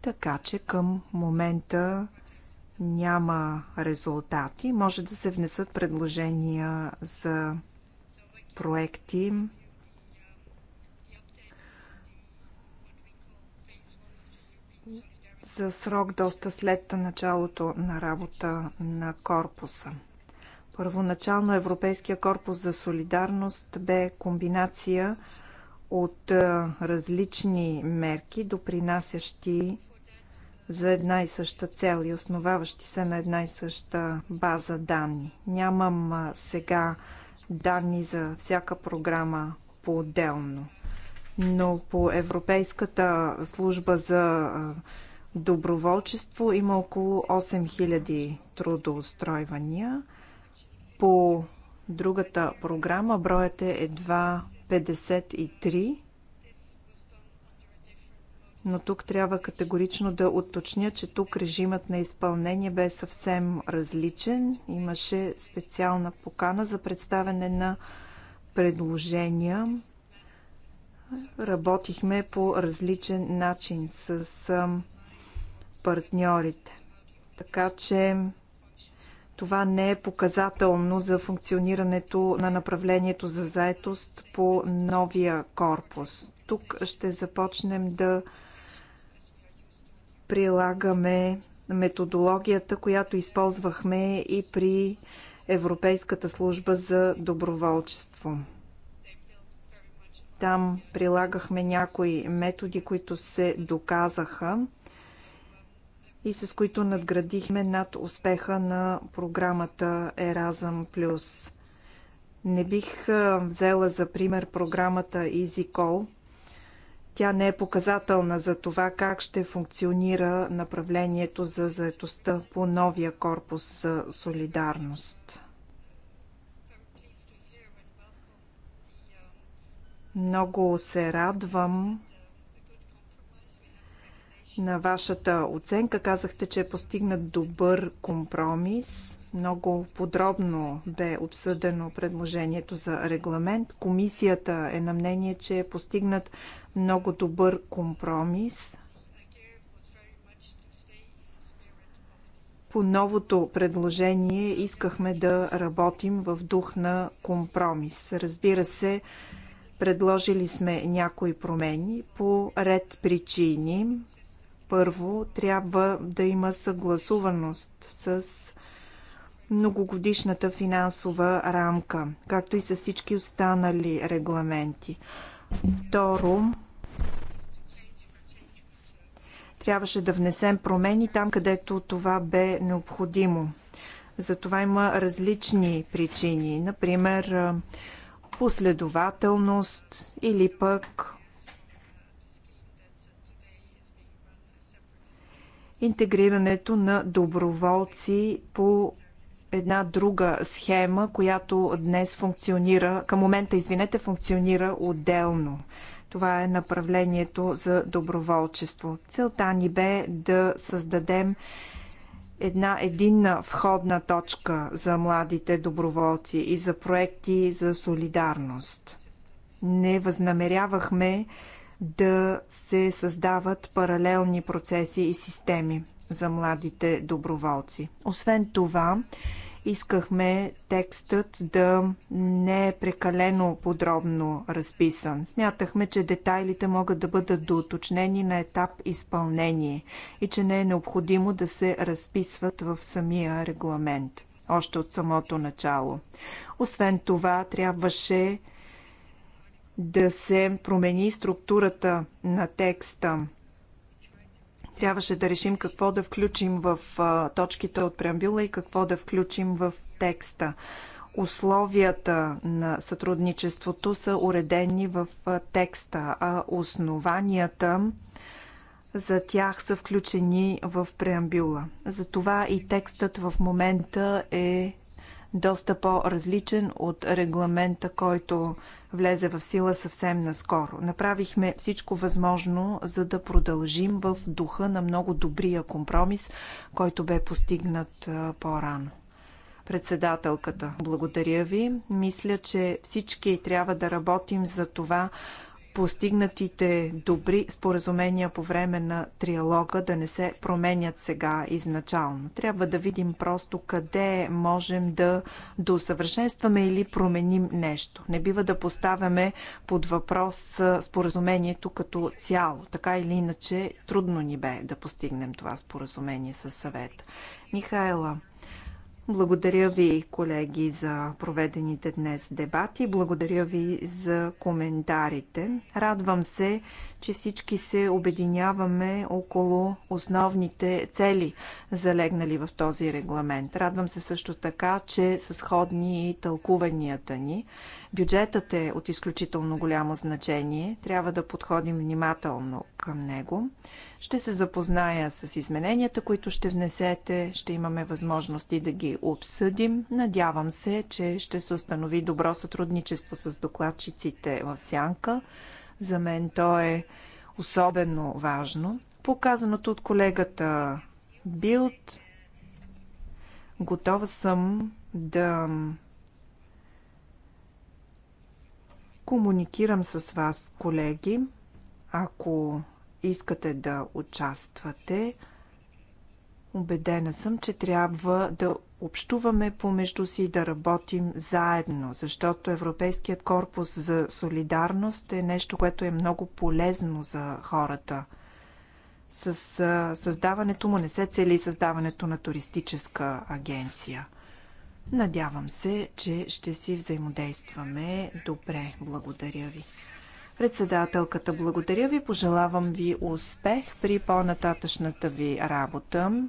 Така че към момента няма резултати. Може да се внесат предложения за проекти за срок доста след началото на работа на корпуса. Първоначално Европейския корпус за солидарност бе комбинация от е, различни мерки, допринасящи за една и съща цел и основаващи се на една и съща база данни. Нямам е, сега данни за всяка програма по-отделно, но по Европейската служба за е, доброволчество има около 8000 трудоустройвания. По другата програма броят е едва 53 но тук трябва категорично да уточня, че тук режимът на изпълнение бе съвсем различен. Имаше специална покана за представяне на предложения. Работихме по различен начин с партньорите. Така че това не е показателно за функционирането на направлението за заетост по новия корпус. Тук ще започнем да прилагаме методологията, която използвахме и при Европейската служба за доброволчество. Там прилагахме някои методи, които се доказаха и с които надградихме над успеха на програмата Erasm+. Плюс. Не бих взела за пример програмата EasyCall. Тя не е показателна за това как ще функционира направлението за заетостта по новия корпус за солидарност. Много се радвам, на вашата оценка. Казахте, че е постигнат добър компромис. Много подробно бе обсъдено предложението за регламент. Комисията е на мнение, че е постигнат много добър компромис. По новото предложение искахме да работим в дух на компромис. Разбира се, предложили сме някои промени по ред причини. Първо, трябва да има съгласуваност с многогодишната финансова рамка, както и с всички останали регламенти. Второ, трябваше да внесем промени там, където това бе необходимо. За това има различни причини. Например, последователност или пък интегрирането на доброволци по една друга схема, която днес функционира, към момента, извинете, функционира отделно. Това е направлението за доброволчество. Целта ни бе да създадем една единна входна точка за младите доброволци и за проекти за солидарност. Не възнамерявахме да се създават паралелни процеси и системи за младите доброволци. Освен това, искахме текстът да не е прекалено подробно разписан. Смятахме, че детайлите могат да бъдат доуточнени на етап изпълнение и че не е необходимо да се разписват в самия регламент още от самото начало. Освен това, трябваше да се промени структурата на текста. Трябваше да решим какво да включим в точките от преамбюла и какво да включим в текста. Условията на сътрудничеството са уредени в текста, а основанията за тях са включени в преамбюла. Затова и текстът в момента е доста по-различен от регламента, който влезе в сила съвсем наскоро. Направихме всичко възможно, за да продължим в духа на много добрия компромис, който бе постигнат по-рано председателката. Благодаря ви. Мисля, че всички трябва да работим за това постигнатите добри споразумения по време на триалога да не се променят сега изначално. Трябва да видим просто къде можем да досъвършенстваме или променим нещо. Не бива да поставяме под въпрос споразумението като цяло. Така или иначе трудно ни бе да постигнем това споразумение с съвет. Михайла, благодаря ви, колеги, за проведените днес дебати. Благодаря ви за коментарите. Радвам се, че всички се обединяваме около основните цели, залегнали в този регламент. Радвам се също така, че са сходни и тълкуванията ни. Бюджетът е от изключително голямо значение. Трябва да подходим внимателно към него. Ще се запозная с измененията, които ще внесете. Ще имаме възможности да ги обсъдим. Надявам се, че ще се установи добро сътрудничество с докладчиците в Сянка. За мен то е особено важно. Показаното от колегата Билд, готова съм да комуникирам с вас, колеги. Ако искате да участвате, Убедена съм, че трябва да общуваме помежду си, да работим заедно, защото Европейският корпус за солидарност е нещо, което е много полезно за хората. С създаването му не се цели създаването на туристическа агенция. Надявам се, че ще си взаимодействаме добре. Благодаря ви. Председателката, благодаря ви, пожелавам ви успех при по-нататъчната ви работа.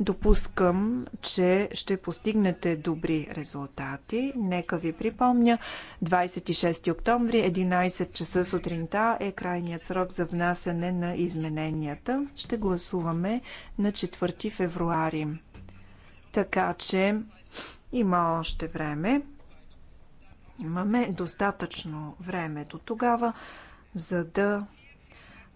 Допускам, че ще постигнете добри резултати. Нека ви припомня, 26 октомври, 11 часа сутринта е крайният срок за внасяне на измененията. Ще гласуваме на 4 февруари. Така че има още време. Имаме достатъчно време до тогава, за да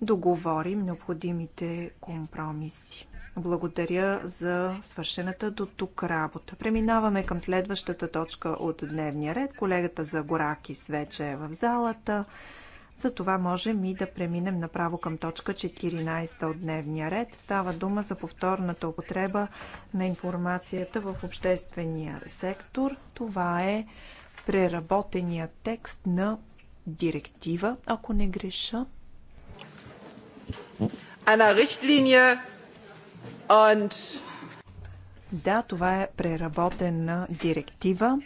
договорим необходимите компромиси. Благодаря за свършената до тук работа. Преминаваме към следващата точка от дневния ред. Колегата Загоракис вече е в залата. За това можем и да преминем направо към точка 14 от дневния ред. Става дума за повторната употреба на информацията в обществения сектор. Това е преработения текст на директива, ако не греша. Една Richtlinie und... Да, това е преработена директива.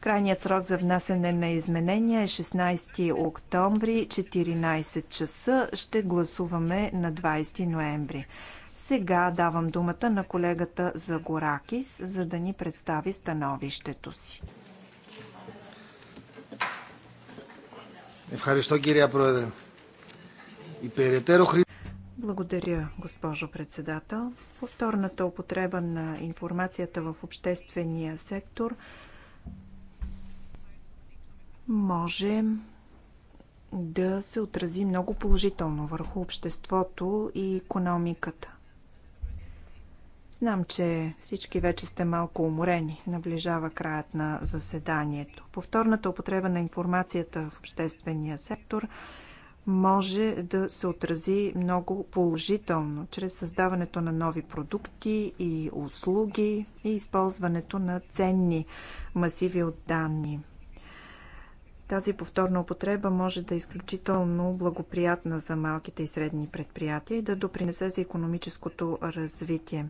Крайният срок за внасене на изменения е 16 октомври, 14 часа. Ще гласуваме на 20 ноември. Сега давам думата на колегата Загоракис, за да ни представи становището си. Ευχαριστώ, κυρία Πρόεδρε. χρήση... Благодаря, госпожо председател. Повторната употреба на информацията в обществения сектор може да се отрази много положително върху обществото и економиката. Знам, че всички вече сте малко уморени. Наближава краят на заседанието. Повторната употреба на информацията в обществения сектор може да се отрази много положително чрез създаването на нови продукти и услуги и използването на ценни масиви от данни. Тази повторна употреба може да е изключително благоприятна за малките и средни предприятия и да допринесе за економическото развитие.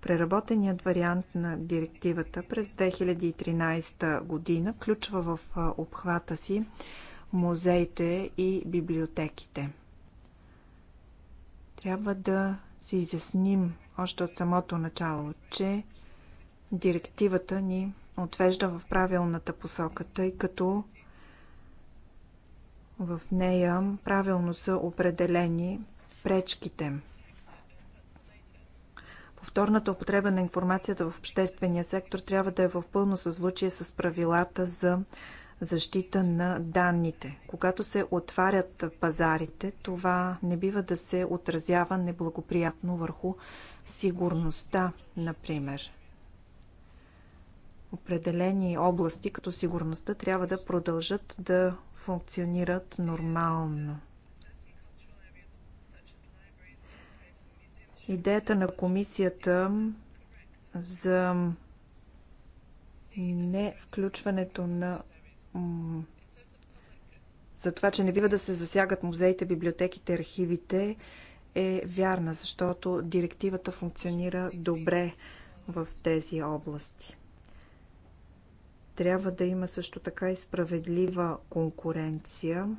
Преработеният вариант на директивата през 2013 година включва в обхвата си музеите и библиотеките. Трябва да си изясним още от самото начало, че директивата ни отвежда в правилната посока, тъй като в нея правилно са определени пречките – Повторната употреба на информацията в обществения сектор трябва да е в пълно съзвучие с правилата за защита на данните. Когато се отварят пазарите, това не бива да се отразява неблагоприятно върху сигурността, например. Определени области, като сигурността, трябва да продължат да функционират нормално. Идеята на комисията за не включването на за това, че не бива да се засягат музеите, библиотеките, архивите е вярна, защото директивата функционира добре в тези области. Трябва да има също така и справедлива конкуренция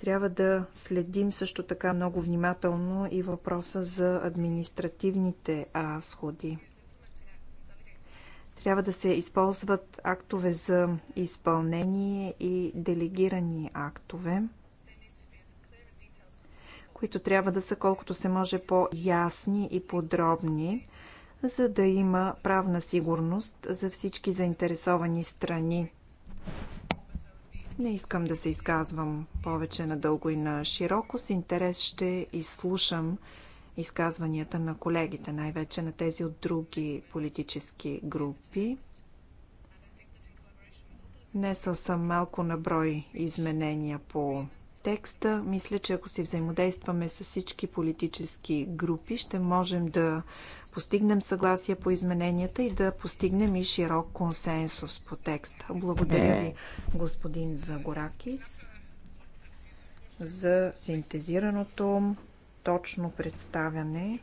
Трябва да следим също така много внимателно и въпроса за административните разходи. Трябва да се използват актове за изпълнение и делегирани актове които трябва да са колкото се може по-ясни и подробни, за да има правна сигурност за всички заинтересовани страни. Не искам да се изказвам повече надълго и на широко. С интерес ще изслушам изказванията на колегите, най-вече на тези от други политически групи. Внесъл съм малко на брой изменения по текста. Мисля, че ако си взаимодействаме с всички политически групи, ще можем да постигнем съгласие по измененията и да постигнем и широк консенсус по текста. Благодаря ви, господин Загоракис, за синтезираното точно представяне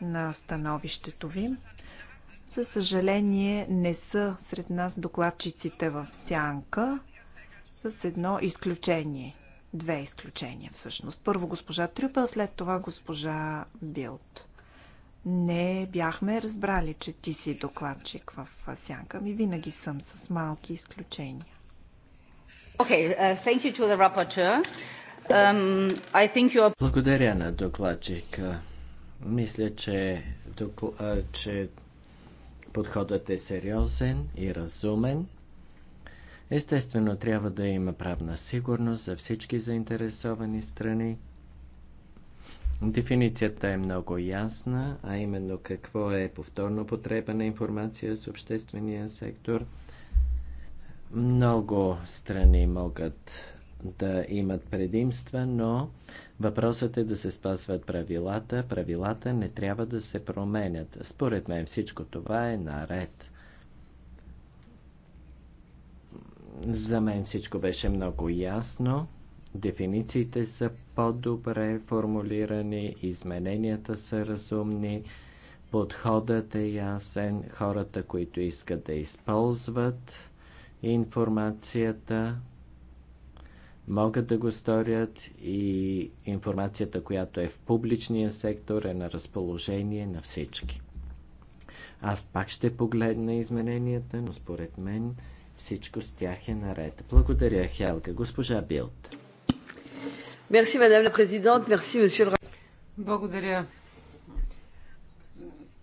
на становището ви. За съжаление не са сред нас докладчиците в сянка, с едно изключение. Две изключения всъщност. Първо госпожа Трюпел, след това госпожа Билт не бяхме разбрали, че ти си докладчик в сянка. Ми винаги съм с малки изключения. Okay, uh, thank you to the rapporteur. Um, I think you are... Благодаря на докладчика. Мисля, че, че подходът е сериозен и разумен. Естествено, трябва да има правна сигурност за всички заинтересовани страни. Дефиницията е много ясна, а именно какво е повторно потреба на информация с обществения сектор. Много страни могат да имат предимства, но въпросът е да се спазват правилата. Правилата не трябва да се променят. Според мен всичко това е наред. За мен всичко беше много ясно дефинициите са по-добре формулирани, измененията са разумни, подходът е ясен, хората, които искат да използват информацията, могат да го сторят и информацията, която е в публичния сектор, е на разположение на всички. Аз пак ще погледна измененията, но според мен всичко с тях е наред. Благодаря, Хелга. Госпожа Билт. Merci, Merci, monsieur Благодаря.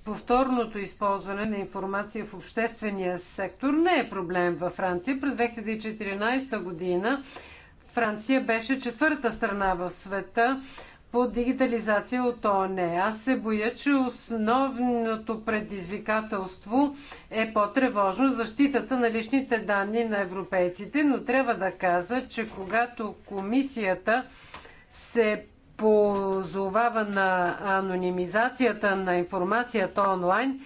Повторното използване на информация в обществения сектор не е проблем във Франция. През 2014 година Франция беше четвърта страна в света по дигитализация от ООН. Аз се боя, че основното предизвикателство е по-тревожно защитата на личните данни на европейците, но трябва да кажа, че когато комисията се позовава на анонимизацията на информацията онлайн,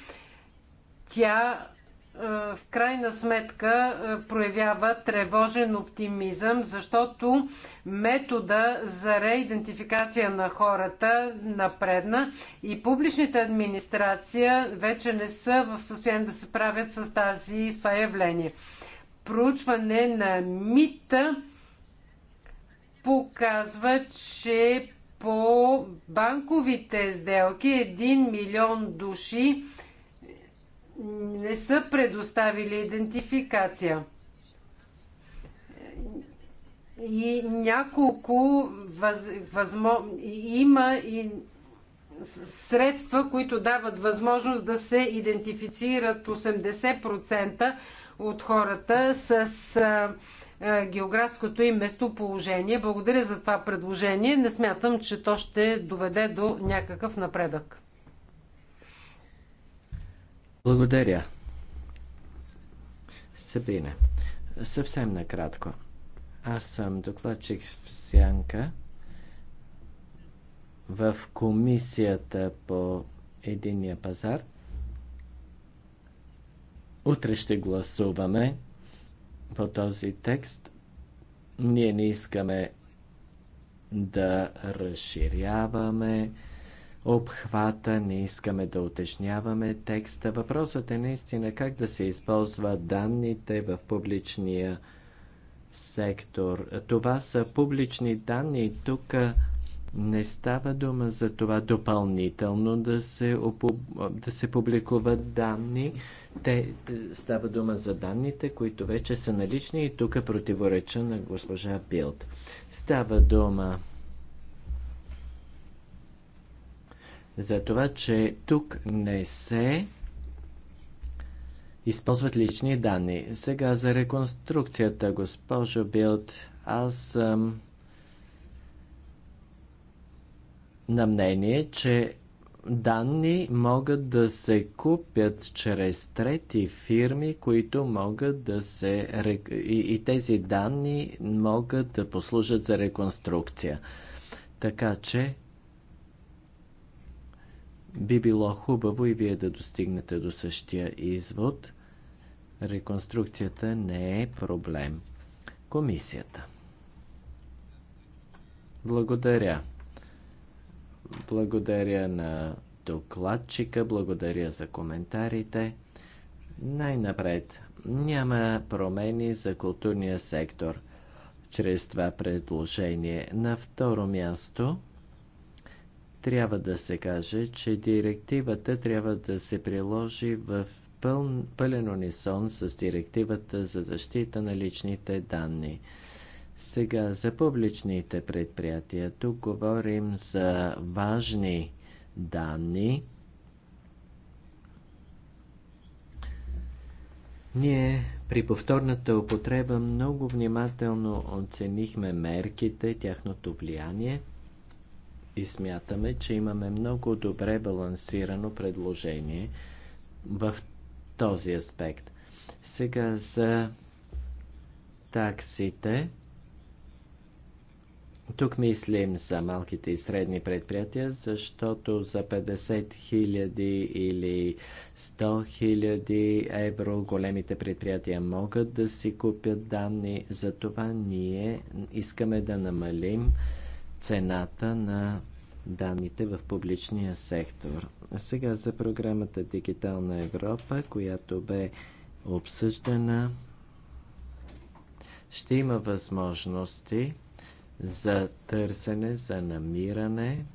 тя е, в крайна сметка е, проявява тревожен оптимизъм, защото метода за реидентификация на хората напредна и публичната администрация вече не са в състояние да се правят с тази това явление. Проучване на мита показва, че по банковите сделки 1 милион души не са предоставили идентификация. И няколко въз, възмо, има и средства, които дават възможност да се идентифицират 80% от хората с а, а, географското им местоположение. Благодаря за това предложение. Не смятам, че то ще доведе до някакъв напредък. Благодаря. Сабина, съвсем накратко. Аз съм докладчик в Сянка в комисията по единия пазар. Утре ще гласуваме по този текст. Ние не искаме да разширяваме обхвата, не искаме да утежняваме текста. Въпросът е наистина как да се използват данните в публичния сектор. Това са публични данни. Тук не става дума за това допълнително да се, опуб... да се публикуват данни. Те е, става дума за данните, които вече са налични и тук противореча на госпожа Билд. Става дума за това, че тук не се използват лични данни. Сега за реконструкцията, госпожо Билд, аз съм на мнение, че данни могат да се купят чрез трети фирми, които могат да се... И, и тези данни могат да послужат за реконструкция. Така че би било хубаво и вие да достигнете до същия извод. Реконструкцията не е проблем. Комисията. Благодаря. Благодаря на докладчика, благодаря за коментарите. Най-напред, няма промени за културния сектор чрез това предложение. На второ място, трябва да се каже, че директивата трябва да се приложи в пълен унисон с директивата за защита на личните данни. Сега за публичните предприятия. Тук говорим за важни данни. Ние при повторната употреба много внимателно оценихме мерките, тяхното влияние – и смятаме, че имаме много добре балансирано предложение в този аспект. Сега за таксите. Тук мислим за малките и средни предприятия, защото за 50 000 или 100 000 евро големите предприятия могат да си купят данни. Затова ние искаме да намалим цената на данните в публичния сектор. Сега за програмата Дигитална Европа, която бе обсъждана, ще има възможности за търсене, за намиране.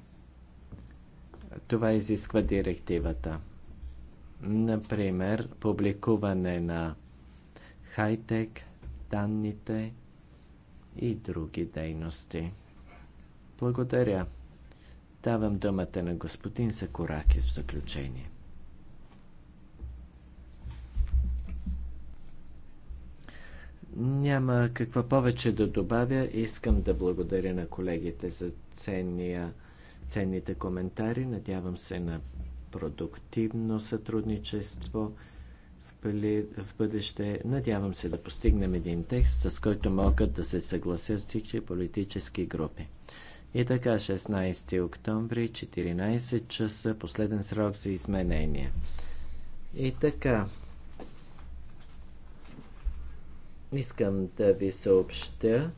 Това изисква директивата. Например, публикуване на хайтек, данните и други дейности. Благодаря. Давам думата на господин Сакоракис в заключение. Няма какво повече да добавя. Искам да благодаря на колегите за ценния, ценните коментари. Надявам се на продуктивно сътрудничество в бъдеще. Надявам се да постигнем един текст, с който могат да се съгласят всички политически групи. И така, 16 октомври, 14 часа, последен срок за изменение. И така, искам да ви съобщя,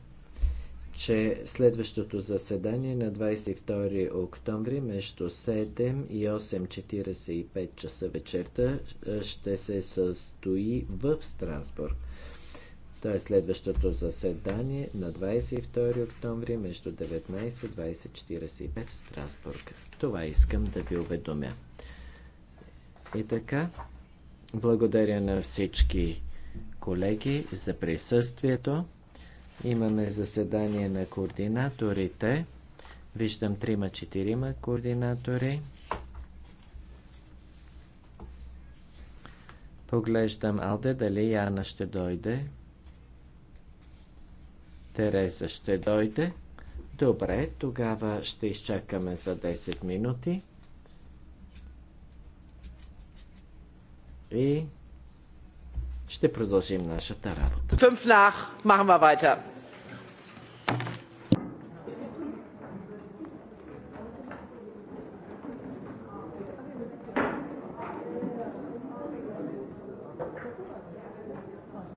че следващото заседание е на 22 октомври между 7 и 8.45 часа вечерта ще се състои в Страсбург. То е следващото заседание на 22 октомври между 19-2045 и в Страсбург. Това искам да ви уведомя. И така, благодаря на всички колеги за присъствието. Имаме заседание на координаторите. Виждам 3-4 координатори. Поглеждам Алде дали Яна ще дойде. Тереза ще дойде. Добре, тогава ще изчакаме за 10 минути. И ще продължим нашата работа. 5 nach, machen wir weiter.